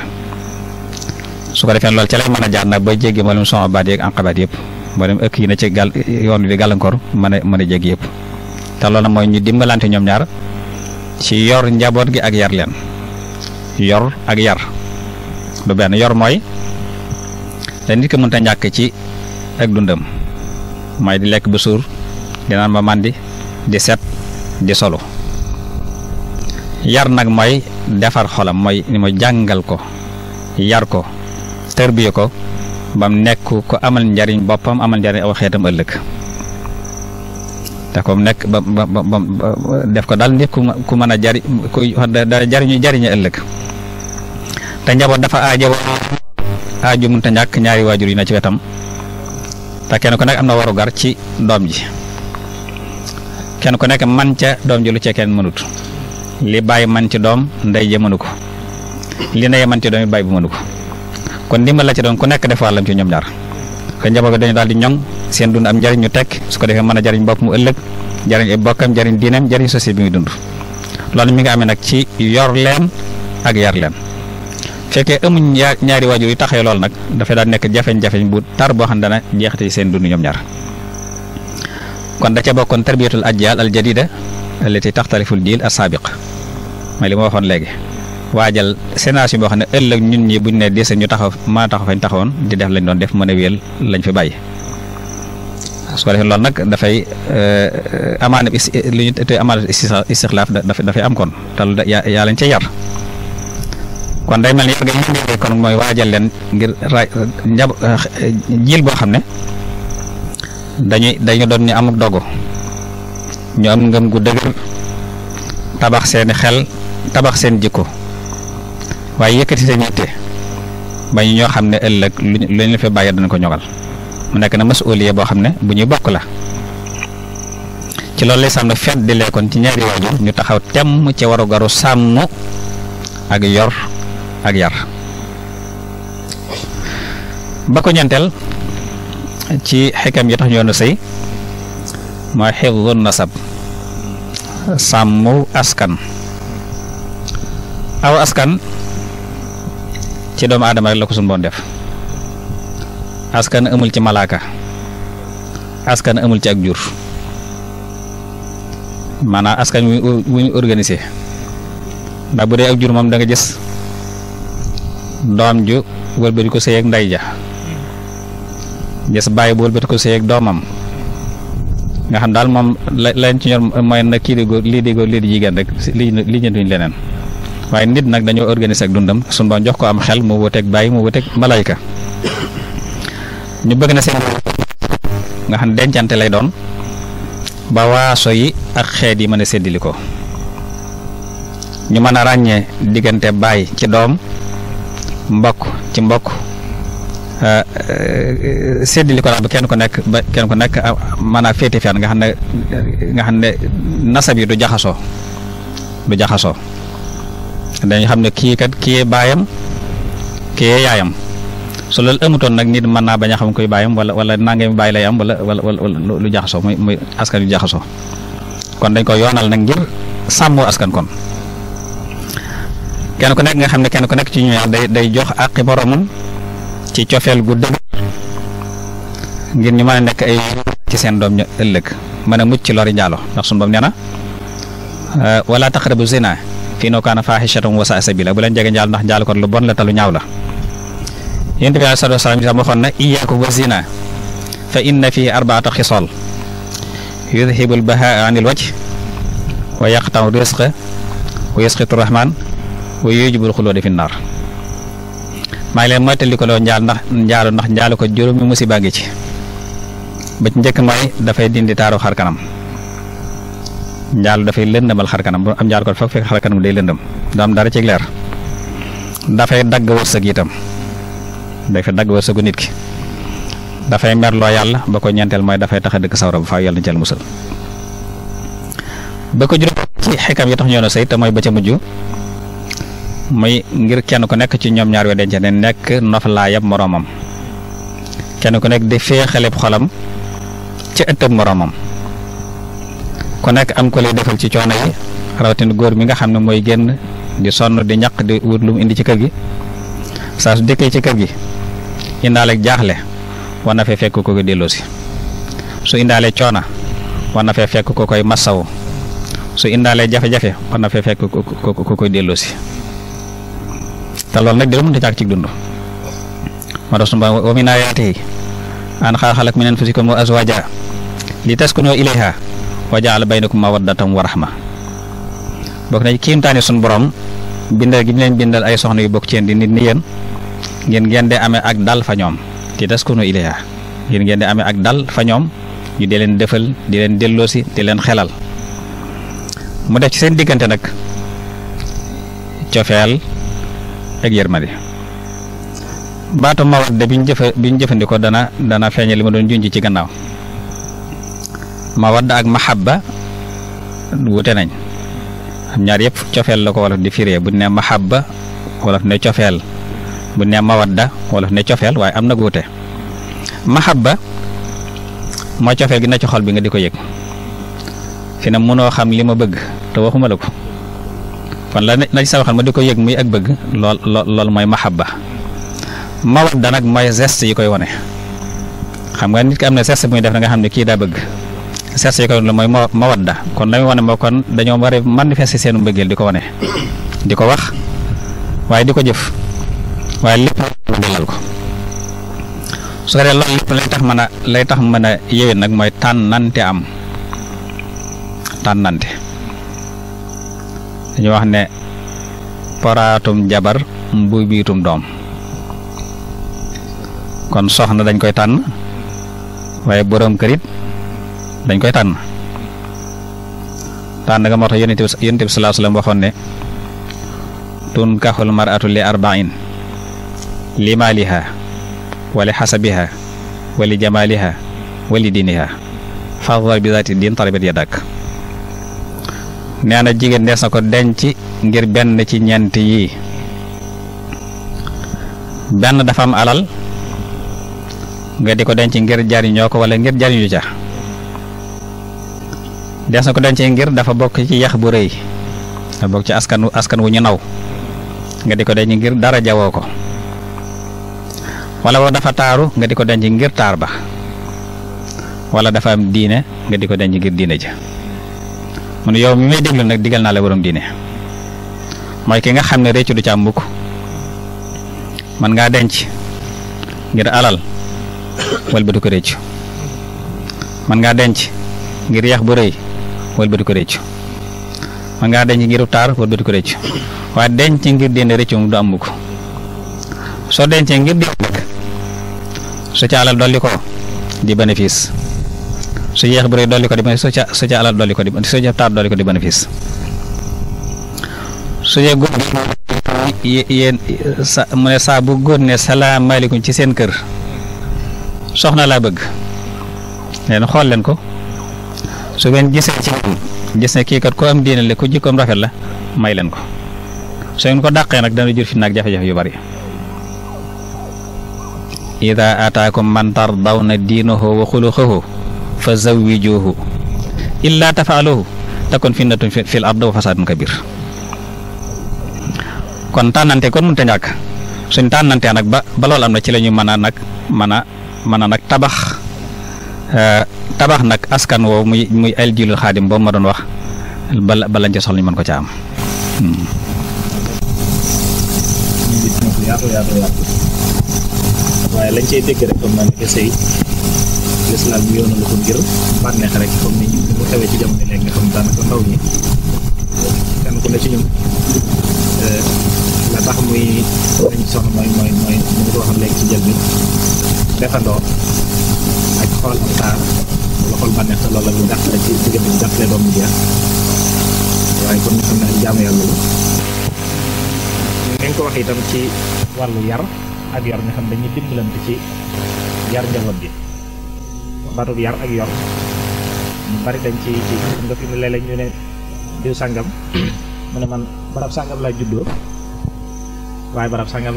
su ko defee loolu ca lay mën a jaar nag ba jéggi mboolem sama baat yeeg yëpp mboolem ëkk na ci gàll yoon wi gàllankoor mën a mën a jéggi yëpp te loolu mooy ñu dimbalante ñoom ñaar ci yor njaboot gi ak yar leen yor ak yar du benn yor mooy te nit ki mënta ñàkk ci ak dundam mooy di lekk ba suur di naan màndi di set di solu yar nag mooy defar xolam mooy ni mu jàngal ko yar ko tërbiye ko bam nekk ko amal njariñ boppam amal njariñ aw ëllëg te kom nekk ba ba ko daal nit mën a jari ku jariñu jariñu ëllëg te njaboot dafa aajo aaju mënta ñàkk ñaari waajur yi na ci wetam te kenn ko nekk am na warugar ci doom ji kenn ku nekk man ca doom ji lu cee kenn mënut li bàyyi man ci doom ndey ja mënu ko li ndey man ci doom yi bàyyi bu mënu ko kon ndimbal la ca doon ku nekk def wàllam ci ñoom ñaar ko njaboot dañu daal di ñoŋ seen dund am njariñ ñu tekk su ko defee mën a jariñ bopp mu ëllëg jariñ ay bokkam jariñ diineem jariñ société bi muy dund loolu mi ngi amee nag ci yor leen ak yar leen fekkee amuñ ñaari waajur yi taxee lool nag dafay daal nekk jafeñ jafeñ bu tar boo xam ne dana seen dund ñoom ñaar kon da ca bokkoon tarbiyatul ajyaal al jadida allati taxtaliful jiil as saabiq mooy li ma waxoon léegi waajal sénation boo xam ne ëllëg ñun ñi buñ ne dese ñu taxaw maa taxaw fañ taxawoon di def lañ doon def mën a wéyal lañ fi bàyyi su ko defee loolu nag dafay euh, amaana li ñu te amaana dafay am kon te yaa lañ ca yar kon day mel ni kon mooy waajal leen ngir euh, jiil boo xam ne dañuy dañu doon ñu amuk dogu ñu am ngëm gu dëgër tabax seeni xel tabax seen jikko waaye yëkkati seen yitte ba ñu ñoo xam ne ëllëg lu ñu la fi bàyyi dana ko ñogal mu nekk na masuuliya boo xam ne bu ñuy bokk la ci loolu lay sàmm nag fedd di lekkoon ci ñaari waajur ñu taxaw temm ci waru garu sàmm ak yor ak yar ba ko ñeenteel ci xikam yi tax ñu yoonu sëy mooy xifdu nasab sàmm askan aw askan ci doomu aadama rek la ko suñu boon def askan amul ci malaaka askan amul ci ak jur maanaam askan wu ñu organisé ndax bu dee ak jur moom da nga gis doom ju wëlbati ko sëy ak ndey ja gis bàyyi bu wëlbati ko sëy ak doomam nga xam daal moom leen ci ñor mooy nag kii di góor lii di góor lii di jigéen rek lii lii ñëntuñ leneen waaye nit nag dañoo organiser ak dundam sun doon jox ko am xel mu wuteeg bàyyi mu wuteeg malayka ñu bëgg na seen nga xam dencante lay doon ba waaso ak xeet yi mën a séddili ko ñu mën a ràññee diggante baay ci doom mbokk ci mbokk Euh, euh, séddale ko a ba kenn ku nekk ba kenn ku nekk euh, mën a féete fenn nga xam ne nga xam ne nasab yi du jaxasoo du jaxasoo dañu xam ne kii kat kii baayam kii yaayam su loolu amutoon nag nit mën naa bañ a xam koy baayam wala wala nangami baay lay am wala wala lu jaxasoo muy muy askan yu jaxaso kon dañ ko yoonal nag ngir sàmmoo askan kon kenn ku nekk nga xam ne kenn ku nekk ci ñu day day jox àqi boromam ci cofeel gu dëgg ngir ñu mën a nekk ay ci seen doom ñu ëllëg mën a mucc ci lori njaalo ndax sunu boom na euh, wala taqrabu zina fi noo kaana faaxishatan wa sa'a sabila bu la jege njaalo ndax njaalo kon lu bon la te ñaaw la yonent bi sallallahu alayhi wa sallam na iyyaakum wa zina fa inna fii arbaata xisool yudhibu lbahaa an il wa yaqtau risqa wa yasqitu rahman wa yujibul maa ngi leen moytali ko loo njaal ndax njaalu ndax njaalu ko juróomi musiba ngi ci ba ci njëkk mooy dafay dindi taaru xar kanam njaalu dafay lëndëmal xar bu am njaal ko fekk xar kanam day lëndëm du am dara dafay dagg wërsëg itam dafay dagg wërsëgu nit ki dafay merloo yàlla ba ko ñeenteel mooy dafay tax a dëkk sawra bu faaw yàlla na musal ba ko juróom ci xikam yi tax ñoo na sëy te mooy ba ca mujj muy ngir kenn ku nekk ci ñoom ñaar yoo denc ne nekk noflaayab moroomam kenn ku nekk di féexaleb xolam ci ëttëb moroomam ku nekk am ko lay defal ci coono yi rawatina góor mi nga xam ne mooy génn di sonn di ñaq di wut lu mu indi ci kër gi saa su dikkee ci kër gi indaale jaaxle war na fee fekk ko koy delloosi su indaale coona war na fee fekk ko koy massawu su indaale jafe-jafe war na fee fekk ko koy delloosi te loolu nag dara mënut a càkk ci dund moo tax sunu Boroom wa min aayaatihi an xalaq min anfusikum wa azwaajan li taskunu ilayha wa ja'ala baynakum mawaddatan wa rahma bokk na ci kiimtaani sunu borom bindal gi ñu leen bindal ay soxna yu bokk ci yéen di nit ni yéen ngeen ngeen de amee ak dal fa ñoom li taskunu ilayha ngeen ngeen de amee ak dal fa ñoom ñu di leen defal di leen delloosi di leen xelal mu def ci seen diggante nag cofeel ak yërmande baatu mawadda bi ñu jëfe jëfandikoo dana dana feeñe li ma doon junj ci gannaaw mawadda ak mahabba wute nañ xam ñaar yëpp cofeel la ko wolof di firee bu ne mahabba wolof ne cofeel bu ne mawadda wolof ne cofeel waaye am na wute mahabba mooy cofeel gi na ci xol bi nga di ko yëg fi ne mënoo xam li ma bëgg te waxuma la ko kon la la ci sama xel ma di ko yëg muy ak bëgg lool lool mooy mahabba mawadda nag mooy geste yi koy wane xam nga nit ki am na geste bu muy def nga xam ne kii daa bëgg geste yi koy wane mooy mawadda kon la wone moo kon dañoo war a manifester seenu mbëggeel di ko wane di ko wax waaye di ko jëf waaye lépp dalal ko su ko tax mën a lay tax mën a yéwén nag mooy tànnante am tànnante dañu wax ne poraatum jabar mbu biitum doom kon soxna dañ koy tànn waaye boroom kër dañ koy tànn tànn nga moo tax yonent bi yonent bi salaa salaam waxoon ne tunkaxul maratu li arbain li xasabiha wa jamaaliha wa diiniha fadar bi zaati diin tarabat yadak nee na jigéen des na ko denc ngir benn ci ñeent yi benn dafa am alal nga di ko denc ngir jariñoo ko wala ngir jariñu ca des na ko denc ngir dafa bokk ci yax bu rëy dafa bokk ci askan askan wu ñu naw nga di ko denc ngir dara jawoo ko wala boo dafa taaru nga di ko denc ngir taar ba walla dafa am diine nga di ko denc ngir diine ja mu yow mi may déglu nag digal naa la waroom diine mooy ki nga xam ne réccu du ca mbukk man ngaa denc ngir alal walbatu ko réccu man ngaa denc ngir yax bu rëy walbatu ko réccu man ngaa denc ngir taar walbatu ko réccu waaye denc ngir diine réccu moom du am mbukk soo dencee ngir diine su ca alal dolli ko di bénéfice su yéex bu rëy dolli ko di may su ca su ca alal dolli ko di su ca taar dolli ko di bénéfice su yee góor gi yéen sa mu ne saa góor ne salaamaaleykum ci seen kër soxna laa bëgg leen xool leen ko su ngeen gisee ci gis ne kii kat ko am ku jikkoom rafet la may leen ko su ngeen ko dàqee nag dana jur fi nag jafe-jafe yu bari ida ataakum man tardawna diinahu wa xuluqahu fa zawwijuuhu illaa tafaaluhu takun fitnatun fi ard wa fasaadun kabir kon tànnante kon mënut a ñàkk suñ tànnantee nag ba ba am na ci la ñu a nag mana mana nag tabax euh, tabax nag askan woowu muy muy al jiilul xaadim boobu ma doon wax bala bala lañ soxla ñu mën ko ca am. Hmm. lañ cay lislaam bi yoonu la ko ngir bànneex rek comme ni ñu ko xewee ci jamono léegi nga xam daanaka ndaw ñi kenn ku ne ci ñun eh, la tax muy dañ soxla mooy mooy mooy mu ngi ko waxoon léegi ci jël bi defandoo ak xool ak taar wala xool bànneex te loolu la ñu jàppale ci diggante bi jàppale doomu jeex ah. waaye kon ñu xam ne jaamu yàlla la nga ko wax itam ci wàllu yar ak yar nga xam dañuy dimbalante ci yar njaboot bi batub yar ak yor ñu bari dañ ci ci xam nga fi mu laa juddoo waaye barab am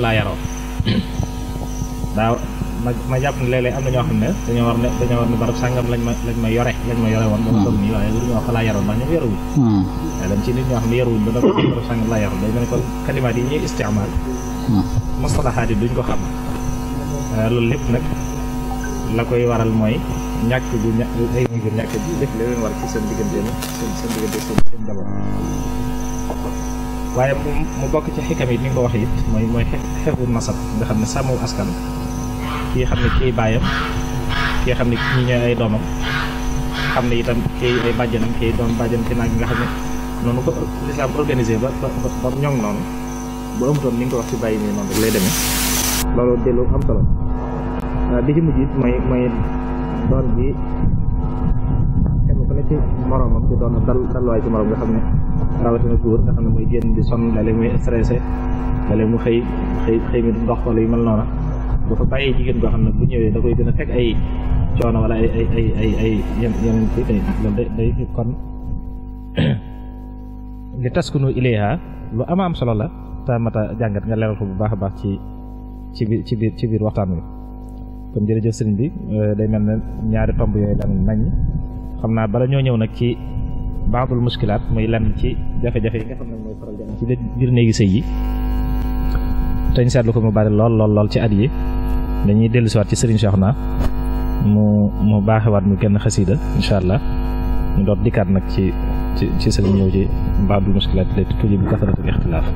na ñoo xam ne dañoo war ne dañoo war ne barab lañ ma lañ ma yore lañ ma yore woon moom comme nii waaye da hmm. barab sàngam laa yaroon day mel kalimaat yi ñuy istimaal hmm. mustalahaat duñ ko xam loolu lépp nag la koy waral mooy ñàkk gu ña ay mujj ñàkk bi def la leen war ci seen diggante seen seen diggante seen seen njaboot waaye mu mu bokk ci xikam yi ni nga ko waxee it mooy mooy xeexu nasab nga xam ne sàmmu askan kii xam ne kii baayam kii xam ne ñi ñooy ay doomam xam ne itam kii ay bàjjanam kii doom bàjjan ki naag nga xam ne noonu ko lislaam organisé ba ba ba ñoŋ noonu bu amutoon ni nga ko wax ci bàyyi nii noonu rek lay demee loolu dellu am solo. Euh, bi ci mujj mooy mooy doon bi kenn ci moroomam di dal dalluwaay ci moroom nga xam ne rawatina góor nga xam ne muy génn di sonn léeg muy stressé léeg mu xëy xëy xëy mi dox wala yu mel noona bu fa bàyyee jigéen koo xam ne bu ñëwee da koy gën a teg ay coono wala ay ay ay ay ay yeneen day day kon li taskunu ilayha lu ama am solo la te mata jàngat nga leeral ko bu baax a baax ci ci biir ci biir ci biir waxtaan wi kon jërëjëf sëriñ bi euh, day mel na ñaari tomb yooyu lan nañ xam naa bala ñoo ñëw nag ci baaxul muskilaat muy lan ci jafe-jafe yi nga xam ne mooy faral di ci biir néegi sëy yi teñ seetlu ko mu bari lool lool lool ci at yi dañuy dellu siwaat ci sëriñ Cheikh naa mu mu baaxewaat mu kenn xasiida incha allah ñu doot dikkaat nag ci ci ci sëriñ ñëw ci baaxul muskilaat lay tuuti bi kasaratul ixtilaaf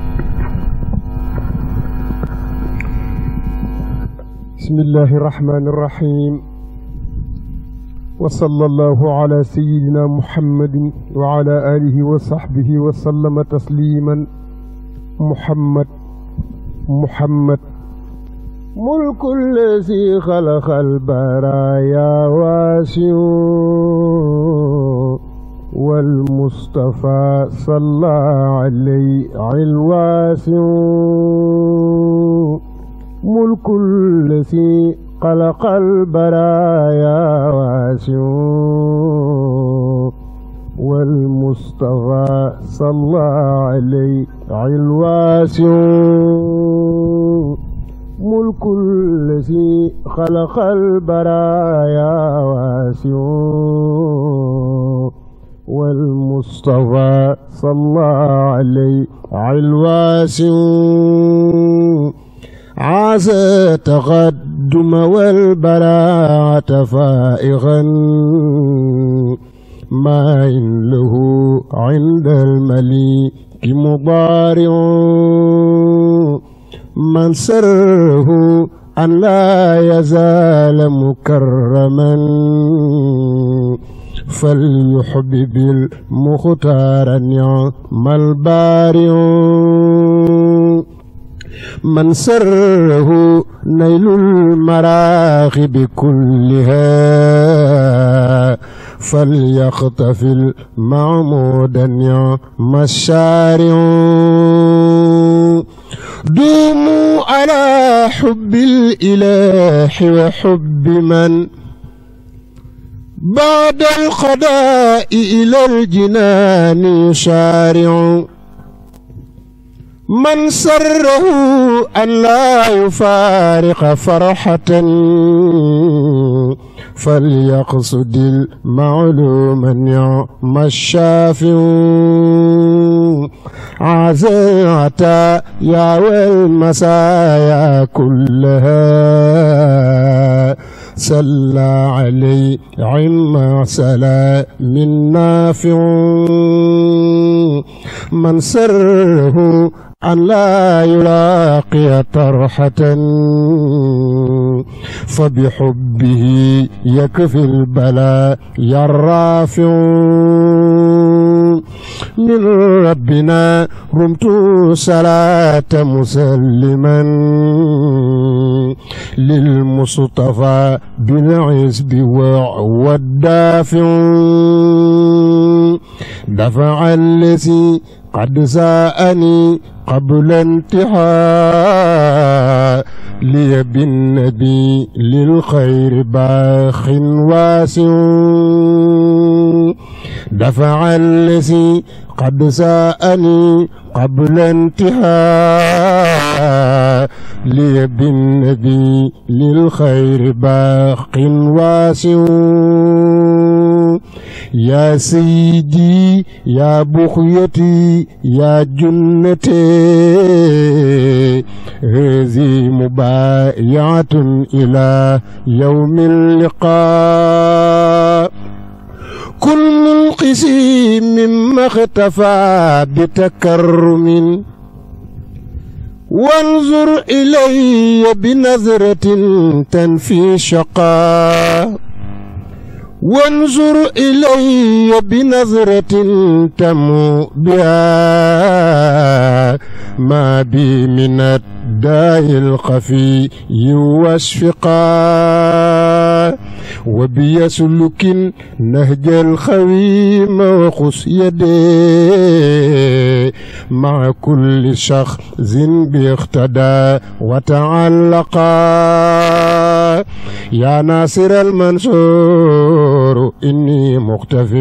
bismillahi irrahmani irrahim wa sallallahu ala sayidina muhammadin wa ala alihi wa sahbihi wa sallama tasliman muhammad muhammad ملك الذي خلق البرايا واسع والمصطفى صلى عليه الواسع ملك الذي خلق البرايا واسع والمصطفى صلى عليه الواسع ملك الذي خلق البرايا واسع والمصطفى صلى عليه الواسع عسى تقدم والبراعة فائغا ما له عند المليك مضارع من سره أن لا يزال مكرما فليحبب المختار نعم البارع من سره نيل المراغب كلها فليقتفل معمودا يوم الشارع دوموا على حب الإله وحب من بعد القضاء إلى الجنان يشارع من سره أن لا يفارق فرحة فليقصد المعلوم يوم الشافع عزيت يا والمسايا كلها صلى علي عما سلا من نافع من سره أن لا يلاقي طرحة فبحبه يكفي البلاء الرافع من ربنا رمت صلاة مسلما للمصطفى بالعزب والدافع دفع الذي قد زاءني قبل انتهاء لي بالنبي للخير باخ واسع دفع الذي قد ساءني قبل انتهاء لي بالنبي للخير باخ واسع يا سيدي يا بخيتي يا جنتي هذه مبايعة إلى يوم اللقاء كل القسيم مما اختفى بتكرم وانظر إلي بنظرة تنفي شقاء وانظر إلي بنظرة تمو بها ما بي من الداء الخفي واشفقا وبيسلك نهج الخويم وخص يدي مع كل شخص بيقتدى وتعلقا يا ناصر المنصور الدور إني مختف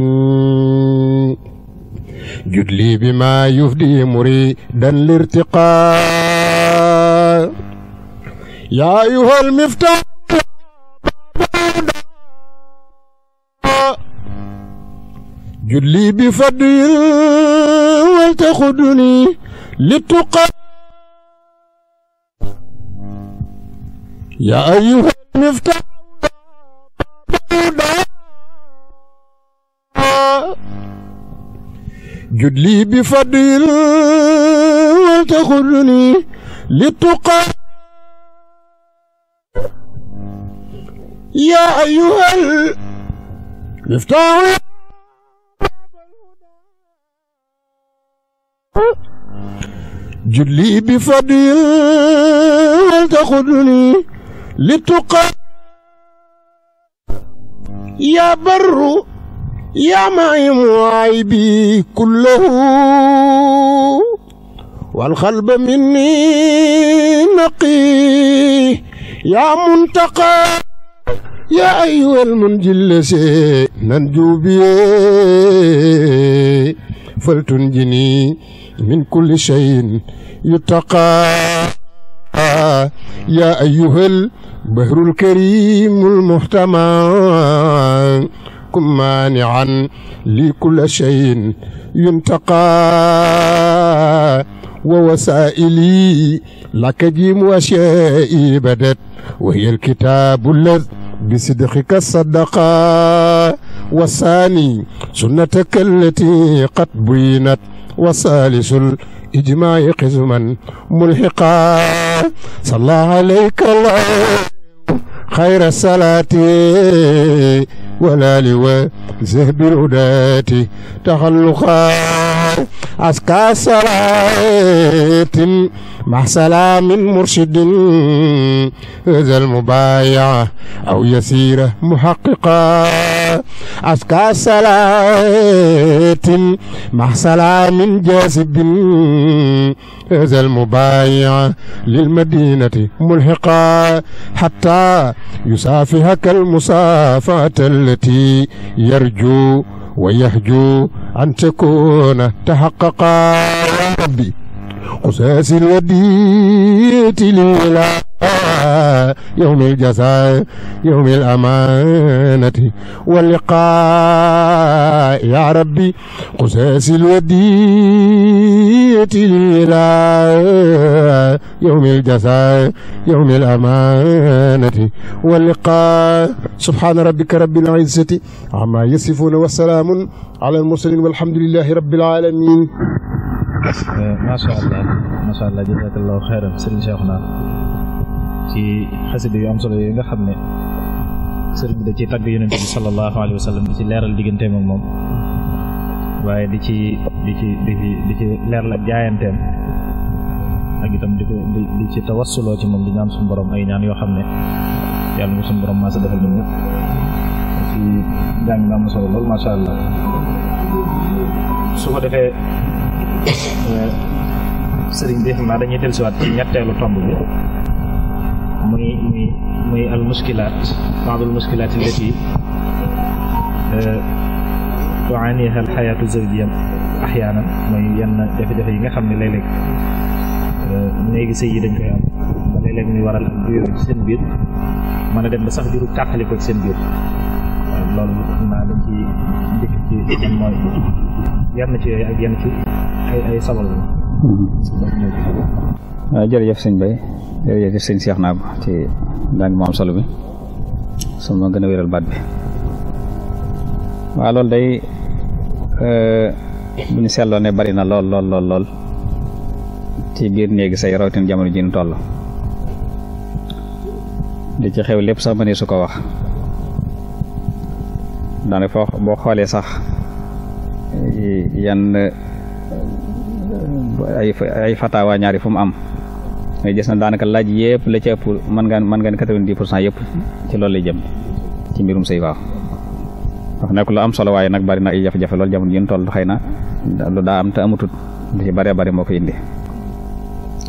جد لي بما يفدي مريدا لارتقاء يا أيها المفتاح جد لي بفضل ولتخدني للتقى يا أيها المفتاح جد لي بفضل وتخرني للتقى يا أيها المفتاح جد لي بفضل وتخرني للتقى يا بر yaa maim aybi kullahu wal xalba minni naqi yaa muntaqa yaa ayyuhal munjillase nan juubiye faltun jini min kulli shayin yuttaqa yaa ayyuhal bahrul karimul muhtama تكن مانعا لكل شيء ينتقى ووسائلي لك جيم وشيء بدت وهي الكتاب الذي بصدقك الصدقة والثاني سنتك التي قد بينت وثالث الإجماع قزما ملحقا صلى عليك الله خير الصلاة ولا لواء زهب العداة تخلقا أزكى صلاة مع سلام مرشد هذا المبايع أو يسيرة محققة أزكى صلاة مع سلام جاذب هذا المبايع للمدينة ملحقا حتى يسافهك المسافة التي يرجو ويهجو أن تكون تحققا ربي قساس الودية للولاء يوم الجزاء يوم الأمانة واللقاء يا ربي قساس الودية للإله يوم الجزاء يوم الأمانة واللقاء سبحان ربك رب العزة عما يصفون والسلام على المرسلين والحمد لله رب العالمين ما شاء الله ما شاء الله جزاك الله خيرا سيدنا شيخنا ci xasida yu am solo yooyu nga xam ne sëriñ bi da ci tagg yonent bi sallallahu alayhi wa di ci leeral digganteem ak moom waaye di ci di ci di ci di ci leeral ak jaayanteem ak itam di ko di ci tawassuloo ci moom di ñaan suñu borom ay ñaan yoo xam ne yàlla mu suñu borom maa sa defal ñu ci jàng nga am defee eh, sëriñ bi xam naa dañuy dellusiwaat ci ñetteelu tomb bi muy muy muy al muskilaat baadul muskilaat allati tuaaniha eh, al xayaatu zawjiya axyaanan mooy yenn jafe-jafe yi nga xam ne léeg-léeg eh, néegi sëy yi dañ koy am waral ak juyoo seen biir mën dem ba sax juru tàqali ko ci seen biir loolu naa dañ ci mooy yenn ci yooyu ci ay ay sabal Ah, jërëjëf sëñ Bay jërëjëf sëñ Cheikh Naab ci njàng mu am solo bi su ma gën a wéral baat bi waaw loolu day eh, bu ñu seetloo ne bari na lool lool lool lool ci biir néegi say rawatina jamono ji ñu toll li ci xew lépp sax mane ne su ko wax daanaka foo boo xoolee sax eh, yan ay ay ñaari fu mu am mooy gis na daanaka laaj yëpp la ci ëpp mën ngaa mën ngaa ne quatre vingt pour cent yëpp ci loolu lay jëm ci mbirum sëy waaw nekk lu am solo waaye nag bari na ay jafe-jafe loolu jamono yi ñu toll na lu daa am te amutut lu ci bëree moo ko indi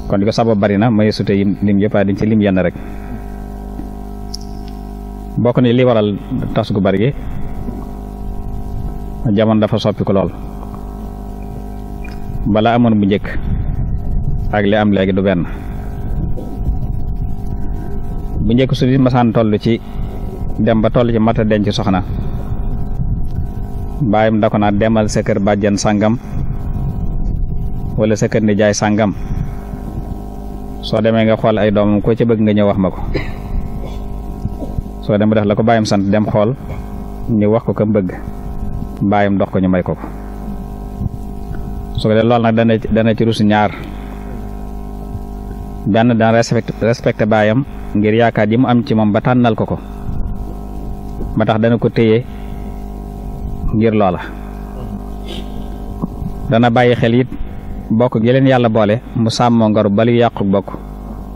kon di ko sabab bari na may sute yim lim yëpp dañ ci lim yenn rek bokk ni li waral tas gu bari gi jamono dafa soppi ko lool balaa amoon bu njëkk ak li am léegi du benn bu njëkk su nit masaan toll ci dem ba toll ci mata denc soxna baayam da ko naa demal sa kër bàjjan sàngam wala sa kër nijaay sàngam soo demee nga xool ay doomam ko ci bëgg nga ñëw wax ma ko soo demee def la ko baayam sant dem xool ñu wax ko kam bëgg dox ko ñu may ko ko su ko dee lool nag dana dana ci rus ñaar benn dana respecté respecté baayam ngir yaakaar ji mu am ci moom ba tànnal ko ko ba tax dana ko téye ngir loola dana bàyyi xel it bokk gi leen yàlla boole mu sàmmoo ngaru ba lu bokk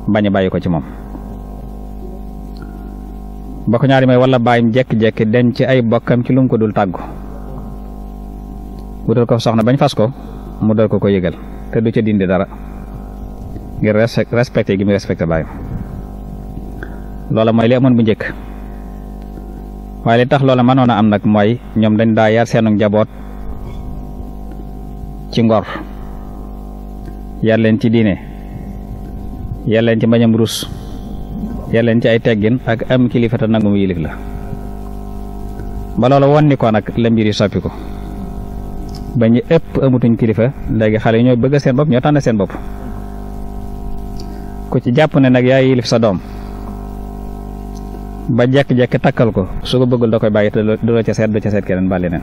bañ bàyyi ko ci moom bokk ñaari may walla bàyyim jekki-jekki dem ci ay bokkam ci lu mu ko dul tàggu wutal ko soxna bañ fas ko mu dal ko ko yëgal te du ca dindi dara ngir respecté gi mu respecté bàyyim loola mooy li amoon bu njëkk waaye li tax loola mënoon a am nag mooy ñoom dañ daa yar seenu njaboot ci ngor yar leen ci diine yar leen ci mbañam rus yar leen ci ay teggin ak am kilifa te nangu yilif la ba loola woon ni ko nag la mbir yi ko ba ëpp amatuñ kilifa léegi xale yi ñoo bëgg seen bopp ñoo tànn seen bopp ku ci jàpp ne nag yaa yilif sa doom ba jekk-jekk takkal ko su ko bëggul da koy bàyyi du la ca seet du ca seet keneen ba leneen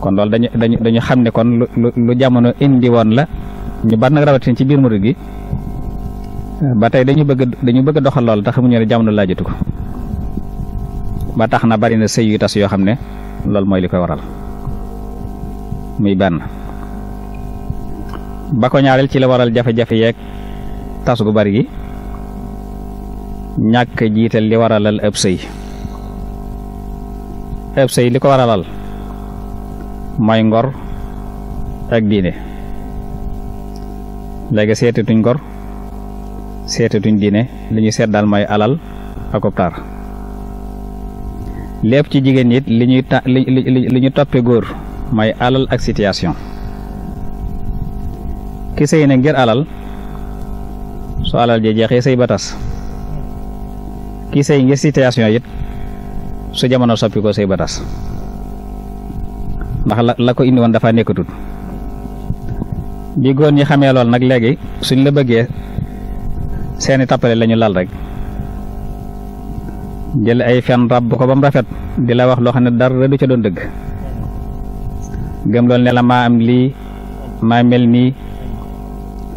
kon lool dañu dañu dañu xam ne kon lu lu jamono indi woon la ñu ban nag rawatina ci biir murid gi ba tey dañu bëgg dañu bëgg doxal lool tax xamuñu ne jamono laajatu ko ba tax na bari na sëy yu yoo xam ne loolu mooy li koy waral muy benn ba ko ñaareel ci la waral jafe-jafe yeeg tas gu bari gi ñàkk jiital li waralal ab sëy ab sëy li ko waralal mooy ngor ak diine léegi seetatuñ ngor seetatuñ diine li ñuy seddal daal mooy alal ak optaar lépp ci jigéen nit li ñuy ta li li ñu toppe góor mooy alal ak situation ki sëy na ngir alal su alal ji jeexee sëy ba tas kii say ngir situation yit su jamono soppi ko say batas ndax la la ko indi woon dafa nekkatul bi góor ñi xamee lool nag léegi suñ la bëggee seeni tappale lañu lal rek jël ay fen ràbb ko ba mu rafet di la wax loo xam ne dara du ca doon dégg gëm loolu ne la maa am lii maa mel nii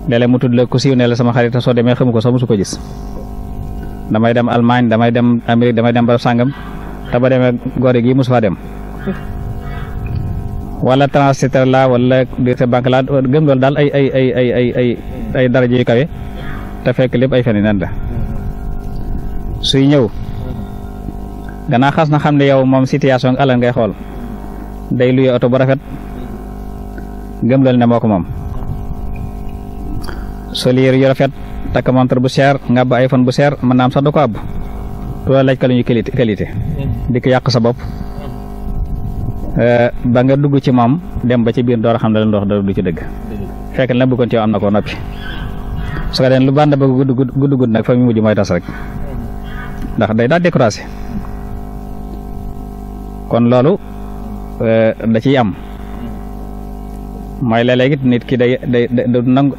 léeg-léeg mu tudd la ku siiw ne la sama xarit soo demee xamu ko sax musu ko gis damay dem Allemagne damay dem Amérique damay dem ba sàngam te ba demee gore gi mos faa dem wala transitaire la wala directeur banque la gëm loolu daal ay ay ay kawe te fekk lépp ay fen nan la suy ñëw gannaaw xas na xam ne yow moom situation ak alal ngay xool day luye oto bu rafet gëm loolu ne moo ko moom solier yu rafet takk montre bu cher ngàbb iPhone bu cher mën naa am sax du ko àbb loolu laaj ka lu ñuy qualité qualité hmm. di yàq sa bopp hmm. eh, ba nga dugg ci moom dem ba ci biir door a xam ne ndox dara du ci dëgg fekk na bëggoon ci yow am na ko noppi su ko den lu bànd ba gudd gudd gudd nag fa mu mujj mooy tas rek hmm. ndax day daal découragé kon loolu eh, da ciy am mooy léeg-léeg it nit ki day day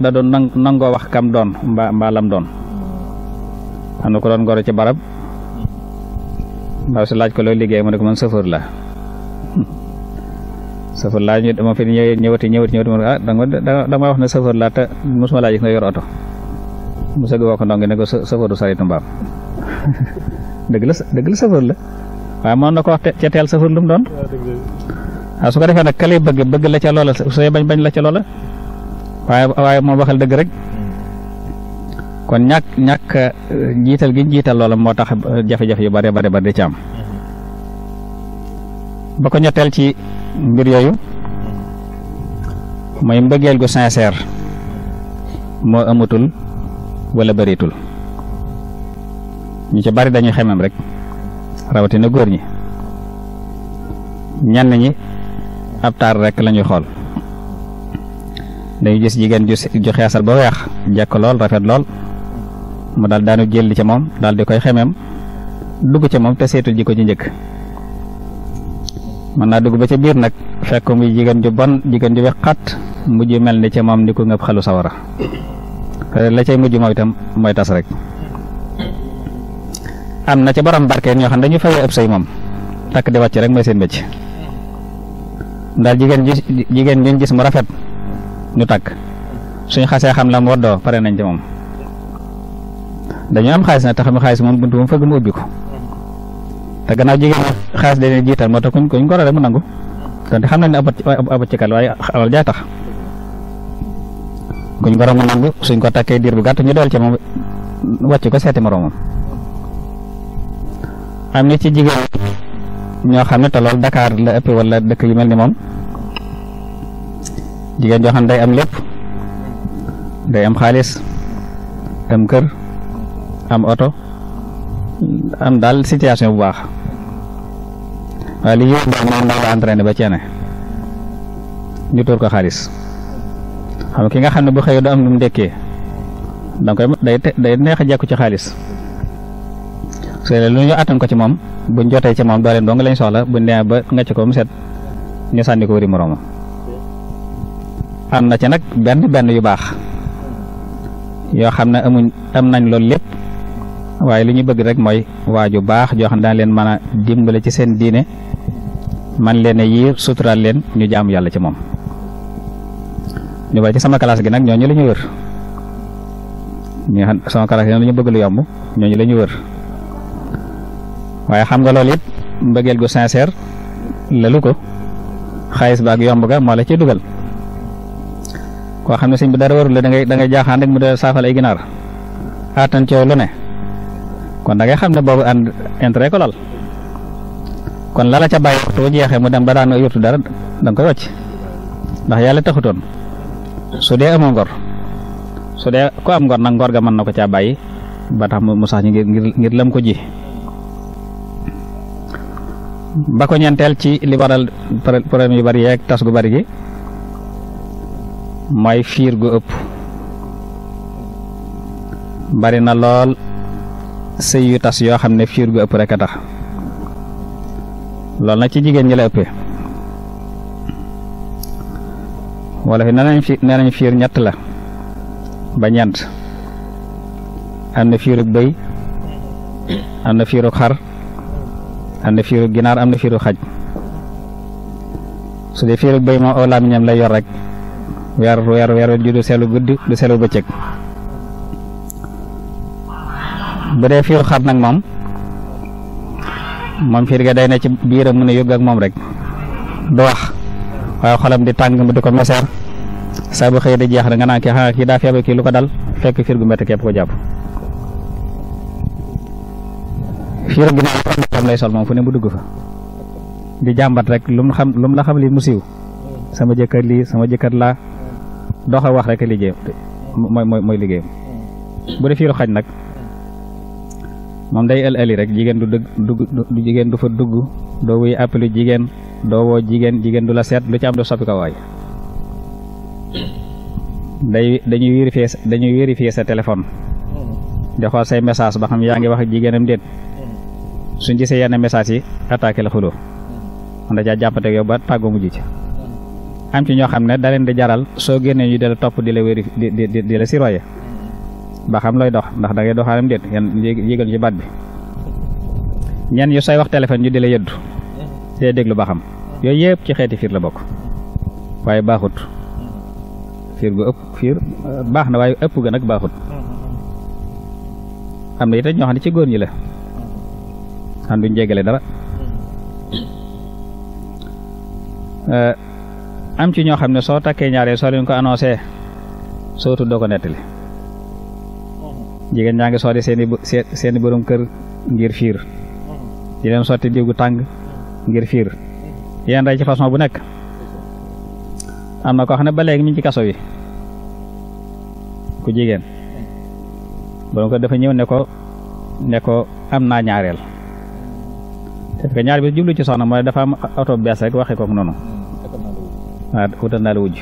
da doon nangoo wax kam doon mbaa mbaa lam doon am na ko doon goro ci barab ndaw si laaj ko looy liggéey mu ne ko man chauffeur la chauffeur laa ñu dama fi wax ne chauffeur laa te mosuma laa gis nga yor oto mu sëgg woo ko ndongi ne ko chauffeur saritu mbaam dëgg la dëgg la waaye moom na ko wax ca teel chauffeur lu doon waaw ah, su ko defee nag kalay bëgg bëgg la ca loola sooy bañ bañ la ca loola waaye waaye moom waxal dëgg rek kon ñàkk ñàkk eh, njiital gi njiital loola moo tax eh, jafe-jafe yu bare bare bare di ci am ba ko ñetteel ci mbir yooyu mooy mbëggeel gu sincère moo amatul walla bëritul ñu ci bari dañuy xemem rek rawatina góor ñi ñenn ñi ab taar rek la ñuy xool dañuy gis jigéen ju xeesal ba weex jekk lool rafet lool mu daal daanu jël ca moom daal di koy xemeem dugg ca moom te seetul ji ci njëkk mën naa dugg ba ca biir nag fekk muy jigéen ju bon jigéen ju wex xat mujj mel ni ca moom ni ku ngëb xalu sawara la cay mujj moom itam mooy tas rek am na ca borom barke ñoo xam dañu fayee ëpp moom takk di wàcc rek mooy seen bëcc ndax jigéen gis jigéen ñu gis mu rafet ñu takk suñ xasee xam la mu waddoo pare nañ ci moom dañu am xaalis nag te xaalis moom buntu moom fëgg mu ubbi ko te gannaaw jigéen ñi xaalis dañuy jiital moo tax kuñ kuñ gorale mu nangu donte xam nañ ne abat ci kal waaye alal jaay tax kuñ goro mu nangu suñ ko takkee diir bu gàtt ñu dool ci moom wàcc ko seeti moroomam am ni ci jigéen ñoo xam ne te loolu Dakar la ëpp wala dëkk yu mel ni moom jigéen joo xam ne day am lépp day am xaalis am kër am oto am daal situation bu baax waaye li yëpp daal moom ba ceene ñu tuur ko xaalis xam ki nga xam ne bu xëyee du am lu mu ndekkee danga koy day day jekku ci xaalis soo lu ñu attan ko ci moom buñ jotee ci moom dooleen dong lañ soxla buñ demee ba ngacc ko mu set ñu sànni ko wëri moroomam am na ci nag benn benn yu baax yoo xam ne amuñ am nañ loolu lépp waaye lu ñu bëgg rek mooy waa ju baax joo xam ne daan leen mën a dimbale ci seen diine man leen a suturaal leen ñu jaam yàlla ci moom ñu bari ci sama classe gi nag ñooñu la ñu wër ñu sama classe gi ñooñu la ñu bëgg lu yomb ñooñu la ñu wër waaye xam nga lool it mbëggeel gu sincère lalu ko xaalis ba ak yomb ga moo la ci dugal koo xam ne sëñ bi dara warul la da ngay da ngay jaaxaan rek mu de saafal ay ginaar aatan coow lu ne kon da ngay xam ne boobu ànd intérêt ko lal kon lala ca bàyyi waxtu jeexee mu dem ba daan yurtu dara da nga koy wàcc ndax yàlla taxutoon su dee amoo ngor su dee ko am ngor nag ngor ga mën na ko caa bàyyi ba tax mu sax ñu ngir ngir lam ko ji ba ko ñeenteel ci li waral problème yu bari yeeg tas gu bari gi mooy fiir gu ëpp bari na lool sëy yu tas yoo xam ne fiir gu ëpp rek a tax lool na ci jigéen ñi la ëppee fi nee fiir ñett la ba ñeent am na fiirug bëy am na fiirug xar am na fiiru ginaar am na fiiru xaj su dee fiiru béy moom aw làmmiñam lay yor rek weer weer weer ju du selu guddi du selu bëccëg bu dee fiiru xar nag moom moom fiir ga day na ci biiram mën a yógg ak moom rek du wax waaye xolam di tàng mu di ko meseer saa bu xëy di jeex rek nga naan kii xanaa ah, kii daa feebar kii lu ko dal fekk fiir gu métti képp ko jàpp fiiru ginnaaw am xam lay sol moom fu mu dugg fa di jàmbat rek lu mu xam lu la xam li mu siiw sama jëkkër lii sama jëkkër laa doxa wax rek liggéeyam mooy mooy mooy liggéeyam bu dee fiiru xaj nag moom day ël ëli rek jigéen du dugg du jigéen du fa dugg doo wuy appelu jigéen doo woo jigéen jigéen du la seet lu ci am du soppi ko waay day dañuy vérifier dañuy vérifier sa téléphone di xool say message ba xam yaa ngi wax jigéenam déet suñ gisee yenn message yi attaqué la xuloo man mm-hmm. da caa jàppante yow ba tàggoo mujj ci mm-hmm. am ci ñoo xam ne da leen di jaral soo génnee ñu di la topp di la wéri di di di la siroye mm-hmm. ba xam looy dox ndax da ngay doxaalam déet yan yégal ci baat bi ñenn yu sooy wax téléphone ñu di la yëddu di déglu ba xam yooyu yëpp ci xeeti fiir la bokk waaye baaxut fiir gu ëpp fiir baax na waaye ëpp ga nag baaxut am na itam ñoo xam ne ci góor ñi la xam duñ jégale eh, am ci ñoo xam ne soo takkee ñaaree soo leen ko annoncé soo tuddoo ko nettali jigéen ñaa ngi sotti seeni seeni borom kër ngir fiir di leen sotti diw tàng ngir fiir yéen rey ci façon bu nekk am na koo xam ne ba léegi mi ci kaso bi ku jigéen borom kër dafa ñëw ne ko ne ko am naa ñaareel parce que ñaar bi jublu ci soxna mooy dafa am oto bees rek waxee kook noonu waaw wutal naa la wujj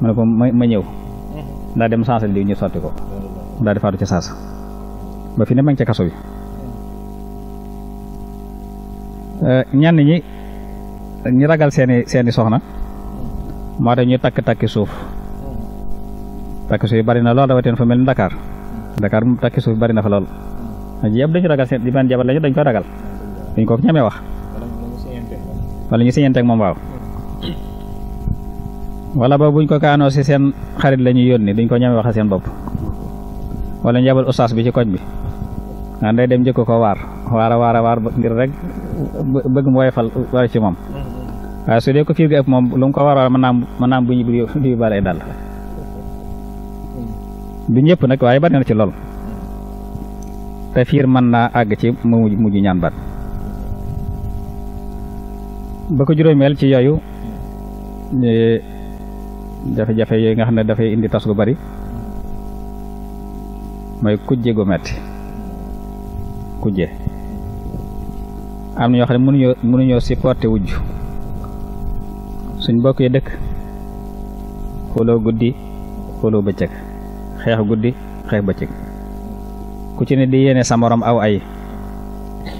mu ne ko ma ñëw ndaa dem sansal lii ñu sotti ko ndaa di ci saas ba fi ne ma ngi ca eh, ñi ñi ragal seeni seeni soxna moo tax ñuy takk takki suuf takki suuf yi bari na lool rawatina fa mel ni Dakar Dakar mu takki suuf bari na fa lool yëpp dañu ragal seen di benn jabar lañu dañ koy ragal duñ ko ñamee wax. wala ñu ba buñ ko kaanoo si seen xarit la ñuy yónni duñ ko ñamee wax seen bopp. wala ñu yabal ustaas bi ci koñ bi. naan day dem jëkk ko waar waar a waar a ngir rek bëgg mu woyofal war ci moom. waaye su dee ko fiir gi ëpp moom lu mu ko waral mën naa mën naa bu ñu bu bari ay dàll. du ñëpp nag waaye bari na ci lool. te fiir mën naa àgg ci mu mujj ñaan baat. ba juróom juróomeel ci yooyu eh, jafe-jafe yooyu nga xam ne dafay indi tas gu bari mooy kujje gu metti kujje am na ñoo xam ne mënuñoo mënuñoo supporté wujj suñ bokk yi dëkk xuloo guddi xuloo bëccëg xeex guddi xeex bëccëg ku ci ne di yéene samorom aw ay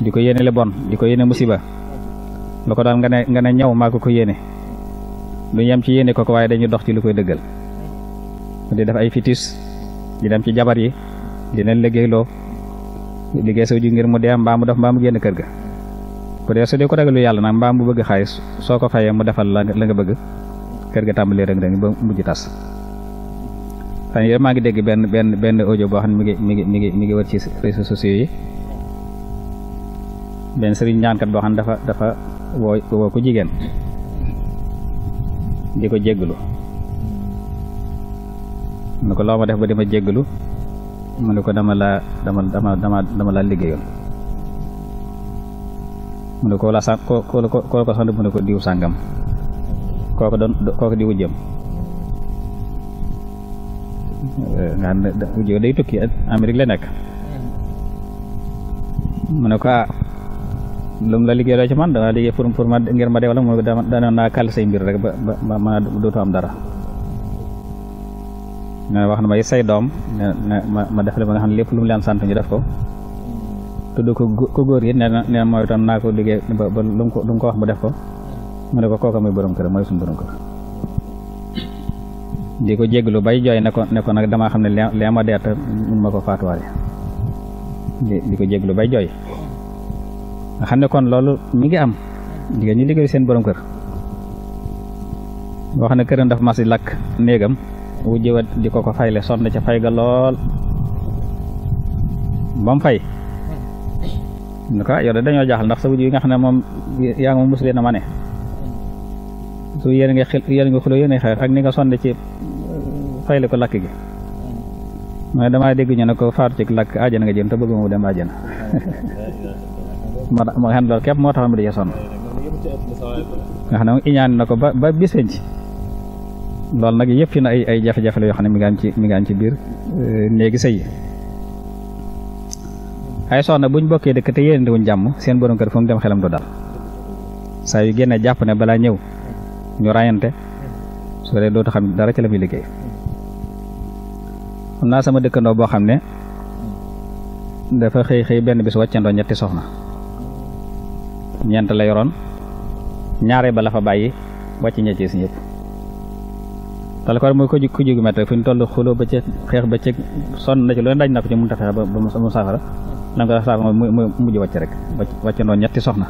di ko yéene le bon di ko yéene musiba lu ko daal nga ne nga ne ñaw maa ko ko yéene du yem ci yéene ko ko waaye dañuy dox ci lu koy dëggal di def ay fitis di dem ci jabar yi di leen liggéeyloo liggéey soo ji ngir mu dee mbaa mu def mbaa mu génn kër ga bu dee su dee ko ragalu yàlla nag mbaam mu bëgg xaalis soo ko fayee mu defal la la nga bëgg kër ga tàmbalee rëng rëng ba mujj tas fan yooyu maa ngi dégg benn benn benn audio boo xam ne mi ngi mi ngi mi ngi mi ngi wër ci réseaux sociaux yi benn woo woo ku jigéen di ko jégglu mu ne ko loo def ba di ma jégglu mu ne ko dama la dama dama dama dama laa liggéeyoon mu ko la sàn ko ko ko ko sant mu ne ko diw sàngam kooku doon kooku diwu eh, nga xam ne day tukki Amérique la nekk mu ah, lu mu la liggéey ci man dama liggéey pour pour ma ngir ma dee wala mu danoon naa rek ba ba ma dootu am dara wax na ma it say doom ma ma def le ba nga xam lépp lu mu leen sant ñu def ko tudd ko ko góor yi ne ne mooy tam naa ko liggéey ba mu ko wax mu def ko mu ne ko kooka muy borom kër mooy suñ borom kër di ko jéglu bay jooy ne ko nag damaa xam ne lee ma deet ma ko faatuwaale di ko jéglu bay jooy nga xam ne kon loolu mi ngi am jigéen ñi liggéey seen boroom kër boo xam ne këram dafa mas di lakk néegam wu jëwat di ko ko fayle sonn ca fay ga lool ba mu fay en tout yow de dañoo jaaxal ndax sa wujj yi nga xam ne moom yaa ngi moom mosu leen a mane su yéen nga xil yéen nga xuloo yéen xeer ak ni nga sonn ci euh, fayle ko lakk gi mais damaa dégg ñu ne ko faatu ci lakk àjjana nga jëm te bëgg mu dem àjjana moo tax mooy moo taxoon mu di nga xam ne moom iñaan na ko ba ba bisañ ci loolu nag yëpp ci na ay ay jafe-jafe la yoo xam ne mi ci mi ci biir euh, néegi sëy ay soxna buñ bokkee dëkk te yéenante wuñ jàmm seen borom kër fu dem xelam du dal saa yu génnee jàpp ne balaa ñëw ñu rayante su dee dootu xam dara ci la muy liggéey xam naa sama dëkkandoo boo xam ne dafa xëy xëy benn bis wàccandoo ñetti soxna ñeent la yoroon ñaare ba la fa bàyyi wàcc ña ci ñëpp talakor mooy ko ju ko jugu fi ñu toll xuloo ba ci xeex ba ci sonn na ci loolu dañ na ko ci mënut a fexe ba mu saafara la nga ko saafara mooy mooy mujj wàcc rek wàcc noonu ñetti soxna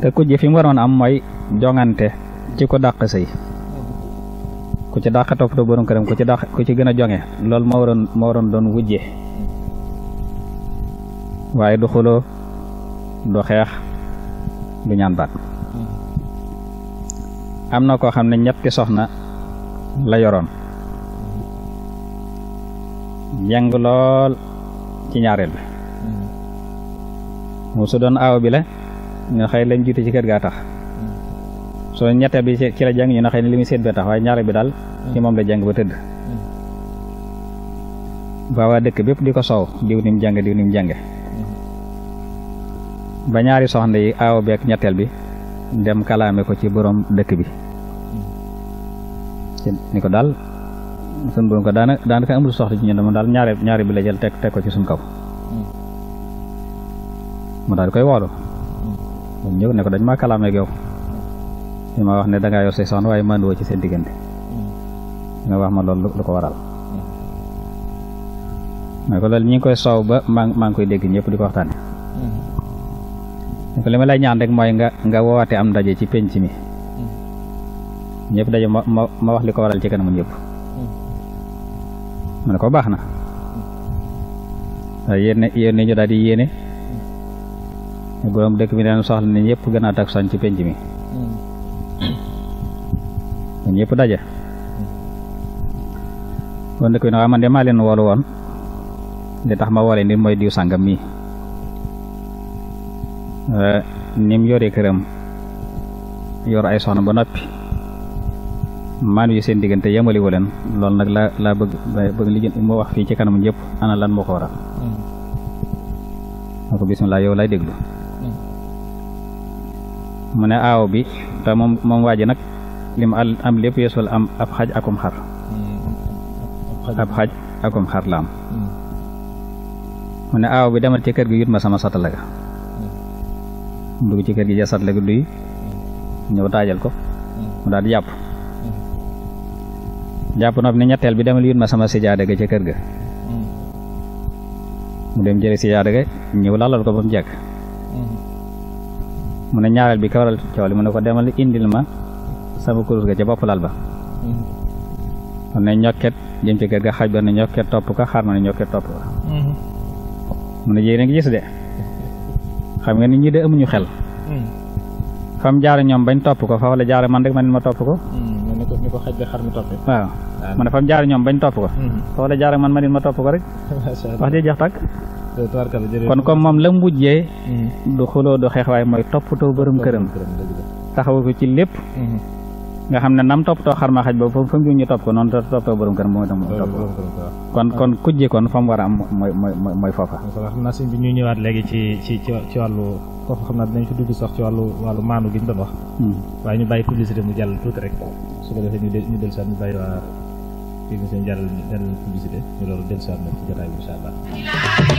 te ku ji fi mu am mooy jongante ci ko dàq sëy ku ci dàq toppatoo borom këram ku ci dàq ku ci gën a jonge lool moo waroon moo waroon doon wujjee waaye du xuloo du xeex du ñaan baat am na koo xam ne ñetti soxna la yoroon jàng lool ci ñaareel bi mu su doon aaw bi la ñu xëy lañ jiite ci kër gaa tax soo ñetteel bi ci la jàng ñu ne xëy ne li muy seet bee tax waaye ñaareel bi daal ci moom la jàng ba tëdd ba waa dëkk bépp di ko soow diw ni mu jàng diw ni mu ba ñaari soxna yi aaw beek ñetteel bi dem kalaame ko ci boroom dëkk bi ni ko daal suñ borom ko daana daanaka amul soxla ci ñun dama daal ñaare ñaari bi la jël teg teg ko ci suñ kaw hmm. mu daal di koy woolu ñoom hmm. ñëw ne ko dañ ma kalaame ak yow ma wax ne dangaa yor say soxna waaye mënuwoo ci seen diggante hmm. nga wax ma loolu lu ko waral ma ko loolu ñi ngi koy soow ba maa maa koy dégg ñëpp di ko waxtaane donc li lay ñaan rek mooy nga nga woote am ndaje ci penc mi ñëpp daje ma ma ma wax li ko waral ci kanamu ñëpp ma ne ko baax na waaye yéen yéen ñu di yéene borom dëkk bi dañu soxla ne ñëpp gën a takkusaan ci penc mi ñëpp daje borom dëkk bi nag ah, man de maa leen woolu woon li tax ma woolee ni mooy diw sàngam mii Eh, ni mu yore këram yor ay soxna ba noppi maan yu seen diggante yemale wu leen loolu nag laa laa bëgg bëgg li moo wax fii ci kanam ñëpp ana lan moo ko waral. Hmm. ko bisimilah yow lay déglu. Hmm. mu ne aaw bi te moom moom waa ji nag li mu am lépp yeesul am ab xaj akum xar. Hmm. ab xaj akum xar la mu ne aaw bi demal ci kër gi yut ma sama satala ga dugg ci kër gi jasat lagi duy ñëw taajal ko mu daal di jàpp jàpp noppi ni ñetteel bi demal yun ma sama sijaada ga ca kër ga mu dem jële sijaada ga ñëw lalal ko ba mu jekk mu ne ñaareel bi kawaral coow li mu ne ko demal indil ma sama kurus ga ca bopp lal ba mu ne ñokket jëm ca ga xaj ba ne ñokket topp ko xaar ma ne ñokket topp mu ne jigéen a gis de xam nga nit ñi de amuñu xel. Hmm. fam jaare ñoom bañ topp ko fa la jaare man rek man ma topp ko. Hmm, ni ko ni ko xaj ba xar mi toppee. waaw man fam jaare ñoom bañ topp ko. Hmm. fa la jaare man ma topp ko rek. wax dëgg jeex tàkk. kon comme moom la mujjee. du xuloo du xeex waaye mooy toppatoo bërëm këram. taxawu ko ci lépp. nga xam ne nam toppatoo xar ma xaj ba fa mu ñu topp ko noonu toppatoo borom kër moom itam moom topp kon kon kujje kon fa mu war a am mooy mooy mooy foofa. xam naa sëñ bi ñuy ñëwaat léegi ci ci ci wàllu foofu xam naa dinañ fi dugg sox ci wàllu wàllu maanu gi ñu doon wax. Hmm. waaye ñu bàyyi publicité mu jàll tuuti rek su ko defee ñu del ñu del sax ñu bàyyi waa dégg seen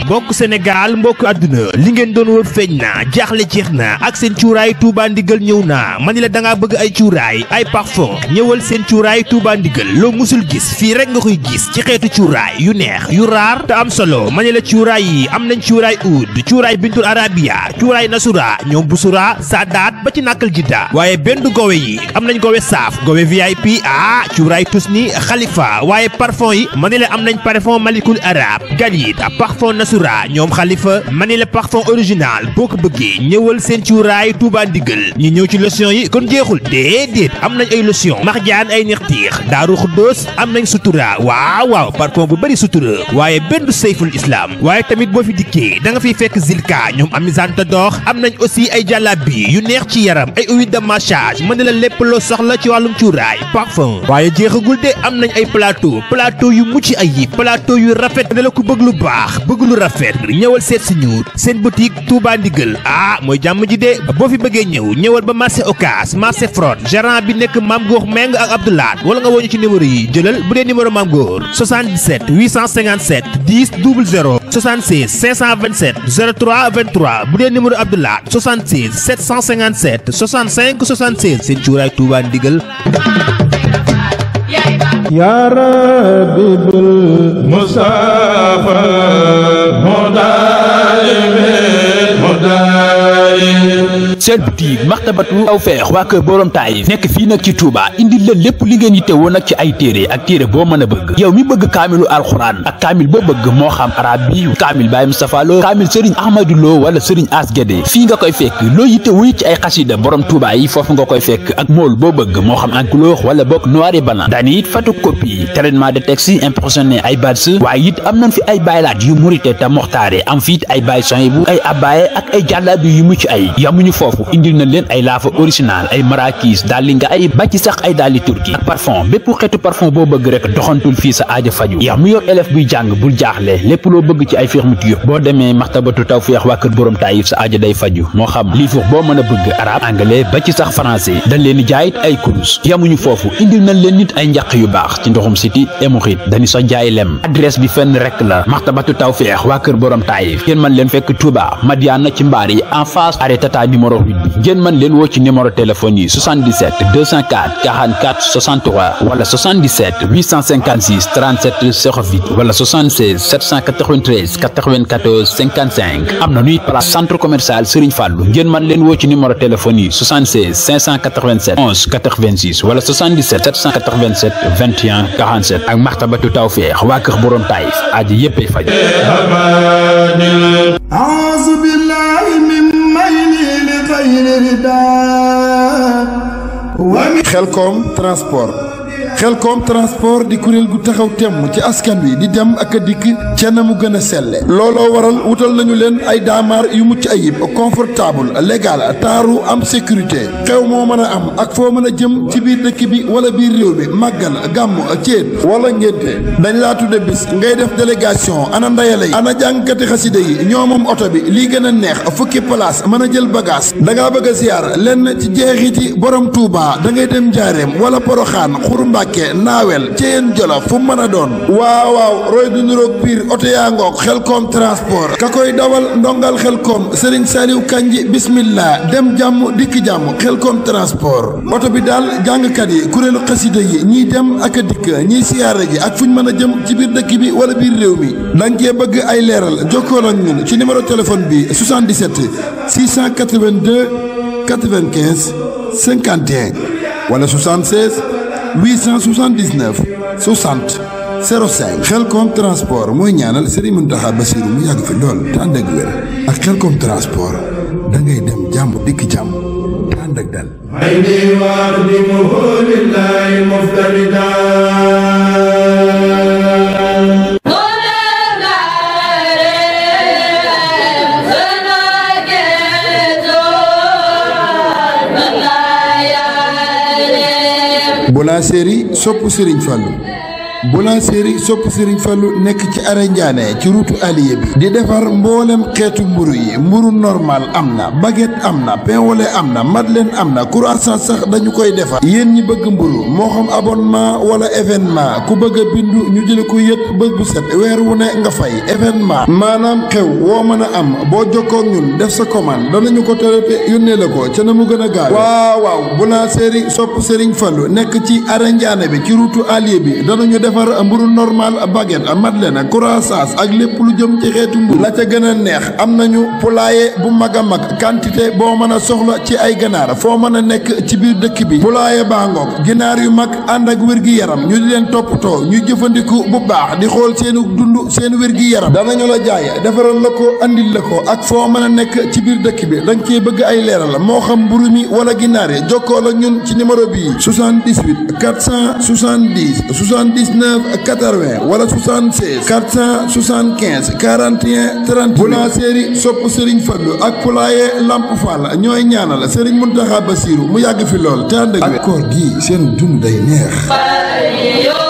mbokk Sénégal mbokk àdduna li ngeen doon wër feeñ na jaaxle jeex na ak seen cuuraay Touba Ndigal ñëw na ma ni la da bëgg ay cuuraay ay parfum ñëwal seen cuuraay Touba Ndigal loo musul gis fii rek nga koy gis ci xeetu cuuraay yu neex yu raar te am solo ma ni la cuuraay yi am nañ cuuraay oud cuuraay bintul arabia cuuraay nasura ñoom busura saadaat ba ci nàkkal jidda waaye benn gowe yi am nañ gowe saaf gowe VIP ah cuuraay tusni xalifa Touba waaye parfum yi ma ne la am nañ parfum Malikul Arab Galit parfum Nasura ñoom Khalifa ma ne la parfum original boo ko bëggee ñëwal seen cuuraay Touba Ndigal ñu ñëw ci lotion yi kon jeexul déedéet am nañ ay lotion Marjaan ay nextiix Daaru Xuddoos am nañ sutura waaw waaw parfum bu bari sutura waaye benn du Seyful Islam waaye tamit boo fi dikkee da nga fiy fekk Zilka ñoom am Amisante dox am nañ aussi ay bi yu neex ci yaram ay huile de massage ma ne la lépp loo soxla ci wàllum cuuraay parfum plateau plateau yu mucc ayib plateau yu rafet ne la ku bëgg lu baax bëgg lu rafet ñëwal seet si ñu seen boutique Touba Ndigal ah mooy jàmm ji de boo fi bëggee ñëw ñëwal ba marché Ocass marché Frod gérant bi nekk Mame Goor Meng ak Abdoulaat wala nga woñu ci numéro yi jëlal bu dee numéro Mame Goor 77 857 10 00 76 527 03 23 bu dee numéro Abdoulaat 76 757 65 76 seen cuuraay Touba Ndigal yaa rabbi bil musa seen boutique maxtabatu Tawfekh waa kër borom taayif nekk fii nag ci Touba indi leen lépp li ngeen yittewoo nag ci ay téere ak téere boo mën a bëgg yow mi bëgg kaamilu alxuraan ak kaamil boo bëgg moo xam arab bi kaamil Baye Moustapha Lo kaamil Serigne Ahmadou Lo wala Serigne Asgede fii nga koy fekk loo yittewoo ci ay xasida borom Touba yi foofu nga koy fekk ak mool boo bëgg moo xam en wala bokk noir et blanc dañuy it photocopie traitement de texte impressionné yu murite te moxtaare am fi it indil na leen ay laafa original ay marakis daal li nga ay bàcci sax ay daali turki ak parfum bépp xeetu parfum boo bëgg rek doxantul fii sa aaja faju loo bëgg ci ay fermeture boo demee maxtabatu a bëgg arabe di jaayit ay kurus yamuñu foofu indil nañ leen nit ay njaq yu baax ci ndoxum siti émoxit dañu sax jaay lem adresse bi fenn rek la maxtabatu tawfeex waa kër borom taayif ngeen mën leen fekk Touba Madiana ci mbaar yi en face arrêt tata numéro ngeen mën leen woo ci numéro téléphone yi 77 204 44 63 wala 77 856 37 08 wala 76 793 94 55 am na nuy place centre commercial Serigne Fallou ngeen mën leen woo ci numéro téléphone yi 76 587 11 86 wala 77 787 21 47 ak Maxtabatu Tawfeex waa kër borom Taïf aji yéppay faj xelkom transport Xelkom transport di kuréel gu taxaw temm ci askan wi di dem ak a dikk ca na mu gën a selle looloo waral wutal nañu leen ay daamaar yu mucc ayib confortable légal taaru am sécurité xew moo mën a am ak foo mën a jëm ci biir dëkk bi wala biir réew mi màggal gàmm céet wala ngénte dañ laatu de bis ngay def délégation ana ndayale yi ana jàngkati xasida yi ñoo moom oto bi lii gën a neex fukki place mën a jël bagage da ngaa bëgg a siyaar lenn ci jeexiti borom Touba da ngay dem Njaareem wala Poroxaan Xuru Mbàkke Mbakke naawel ceyeen jola fu mën a doon waaw waaw roy du nuroog biir oto yaa ngoog xelkom transport ka koy dawal ndongal xelkom sëriñ Saliou Kanji bismillah dem jàmm dikk jàmm xelkom transport oto bi daal jàngkat yi kuréelu xasida yi ñiy dem ak a dikk ñiy siyaara ji ak fu ñu mën a jëm ci biir dëkk bi wala biir réew mi danga cee bëgg ay leeral jokkool ak ñun ci numéro téléphone bi 77 682 95 51 wala 76 879 60 05 xelkom transport mooy ñaanal Serigne Mountakha Bassirou mu yàgg fi lool te ànd ak wér ak xelkom transport da ngay dem jàmm dikk jàmm te ànd ak dal Serigne Fallou Boulanger Serigne sopp Serigne Fallou nekk ci arrêt ci route Alié bi di defar mboolem xeetu mburu yi mburu normal am na baguette am na pain au am na leen am na croissant sax dañu koy defar yéen ñi bëgg mburu moo xam abonnement wala événement ku bëgg a bindu ñu jële ko yëpp bés bu set weer wu ne nga fay événement maanaam xew woo mën a am boo jokkoo ñun def sa commande danañu ko traité yónnee la ko ca na mu gën a gaaw waaw waaw Boulanger Serigne sopp Serigne Fallou nekk ci arrêt bi ci route Alié bi danañu def defar mburu normal baguette madeleine croissant ak lépp lu jëm ci xeetu mburu la ca gën a neex am nañu pulaaye bu mag a mag quantité boo mën a soxla ci ay ganaar foo mën a nekk ci biir dëkk bi poulailler baa ngoog ginaar yu mag ànd ak wér-gi-yaram ñu di leen toppatoo ñu jëfandiku bu baax di xool seenu dund seen wér-gi-yaram danañu la jaay defaral la ko andil la ko ak foo mën a nekk ci biir dëkk bi danga cee bëgg ay leeral moo xam mburu mi wala ginaar yi jokkoo la ñun ci numéro bii 78 470 79 79 80 wala 76 475 41 30 bu laa séeri sopp Serigne Fallou ak poulailler Lamp Fall ñooy ñaanal Serigne Mountakha Bassirou mu yàgg fi lool te ànd koor gi seen dund day neex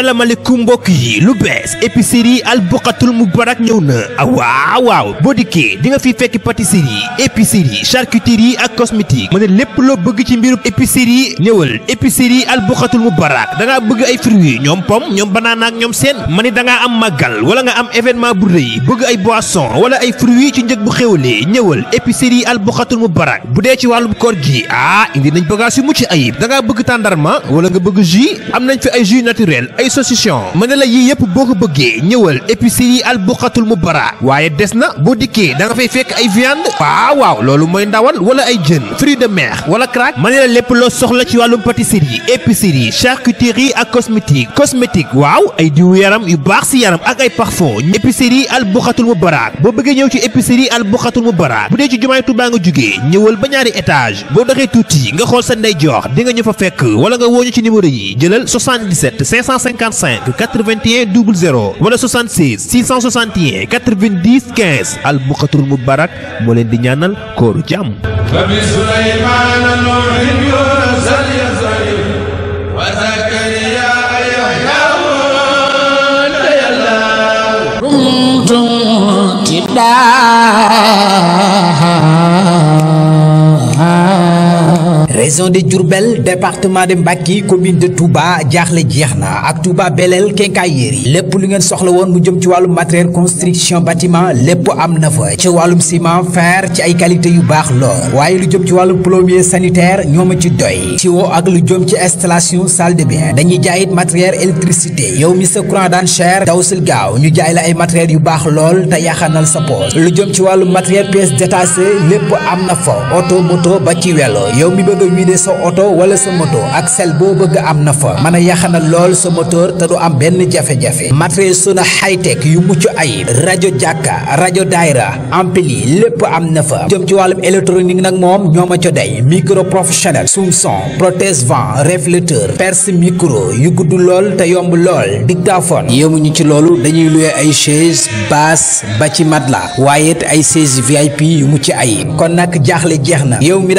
salaamaaleykum mbokk yi lu bees épicerie al buqatul mubarak ñëw na ah, waaw waaw boo dikkee di nga fi fekk pâtisserie épicerie charcuterie ak cosmétique mën ne lépp loo bëgg ci mbirum épicerie ñëwal épicerie al buqatul mubarak da ngaa bëgg ay fruits ñoom pomme ñoom banaana ak ñoom seen ma ni da ngaa am màggal wala nga am événement bu rëy bëgg ay boisson wala ay fruits ci njëg bu xéwalee ñëwal épicerie al buqatul mubarak bu dee ci wàllum koor gi ah indi nañ bagage yu mucc ayib da ay saucisson mën na la yii yëpp boo ko bëggee ñëwal épicerie al buqatul mubara waaye des na boo dikkee da fay fekk ay viande waaw waaw loolu mooy ndawal wala ay jën fruits de mer wala crack mën na la lépp loo soxla ci wàllum pâtisserie épicerie charcuterie ak cosmétique cosmétique waaw ay diwu yaram yu baax si yaram ak ay parfum épicerie al buqatul mubara boo bëggee ñëw ci épicerie al buqatul mubara bu dee ci jumaay Tuubaa nga jógee ñëwal ba ñaari étage boo doxee tuuti nga xool sa ndeyjoor di nga ñu fa fekk wala nga woo ñu ci numéro yi jëlal 77 55 81 00 wala 66 661 90 15 al buqatul mubarak moo leen di ñaanal kooru jàmm. daa région de Diourbel département de Mbacké commune de Touba jaaxle jeex na ak Touba Belel Quincaillerie lépp lu ngeen soxla woon mu jëm ci wàllum matériel construction batiment lépp am na fa ci wàllum ciment fer ci ay qualité yu baax lool waaye lu jëm ci wàllum plombier sanitaire ñoo ma ci doy ci woo ak lu jëm ci installation salle de bain dañuy jaayit matériel électricité yow mi sa courant daan cher daw sil gaaw ñu jaay la ay matériel yu baax lool te yaxanal sa poche lu jëm ci wàllum matériel pièces détachées lépp am na fa vidé sa oto wala sa moto ak sel boo bëgg am na fa mën a yaxanal lool sa moteur te du am benn jafe-jafe matériel suna high-tech yu mucc ayib rajo jàkka rajo daayra ampli lépp am na fa jëm ci wàllum électronique nag moom ñoo ma co day micro professionnel sumson protège vent réflecteur perce micro yu gudd lool te yomb lool dictaphone yémuñu ci loolu dañuy luwee ay chaise basse ba ci matla waaye it ay chaise VIP yu mucc ayib kon nag jaaxle jeex na yow mi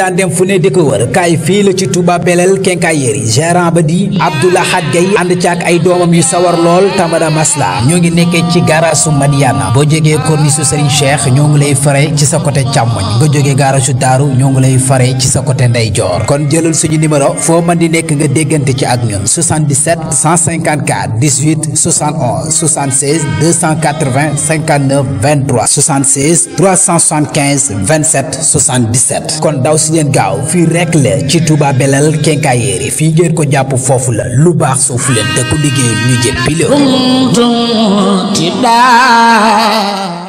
kaay fii la ci Touba Belel Quincaillerie gérant ba di Abdoulahad Gaye ànd ci ak ay doomam yu sawar lool tamada masla ñoo ngi nekkee ci garage su Madiana boo jógee corniche su Serigne ñoo ngi lay fare ci sa côté càmmoñ nga jógee garage su Daaru ñoo ngi lay fare ci sa côté ndeyjoor kon jëlal suñu numéro foo mën di nekk nga déggante ci ak ñun 77 154 18 71 76 280 59 23 76 375 27 77 kon daw si leen gaaw fii rek la ci Touba Belal Kenkayeri fii ngeen ko jàpp foofu la lu baax suuf leen te ku liggéeyul ñu jëppi la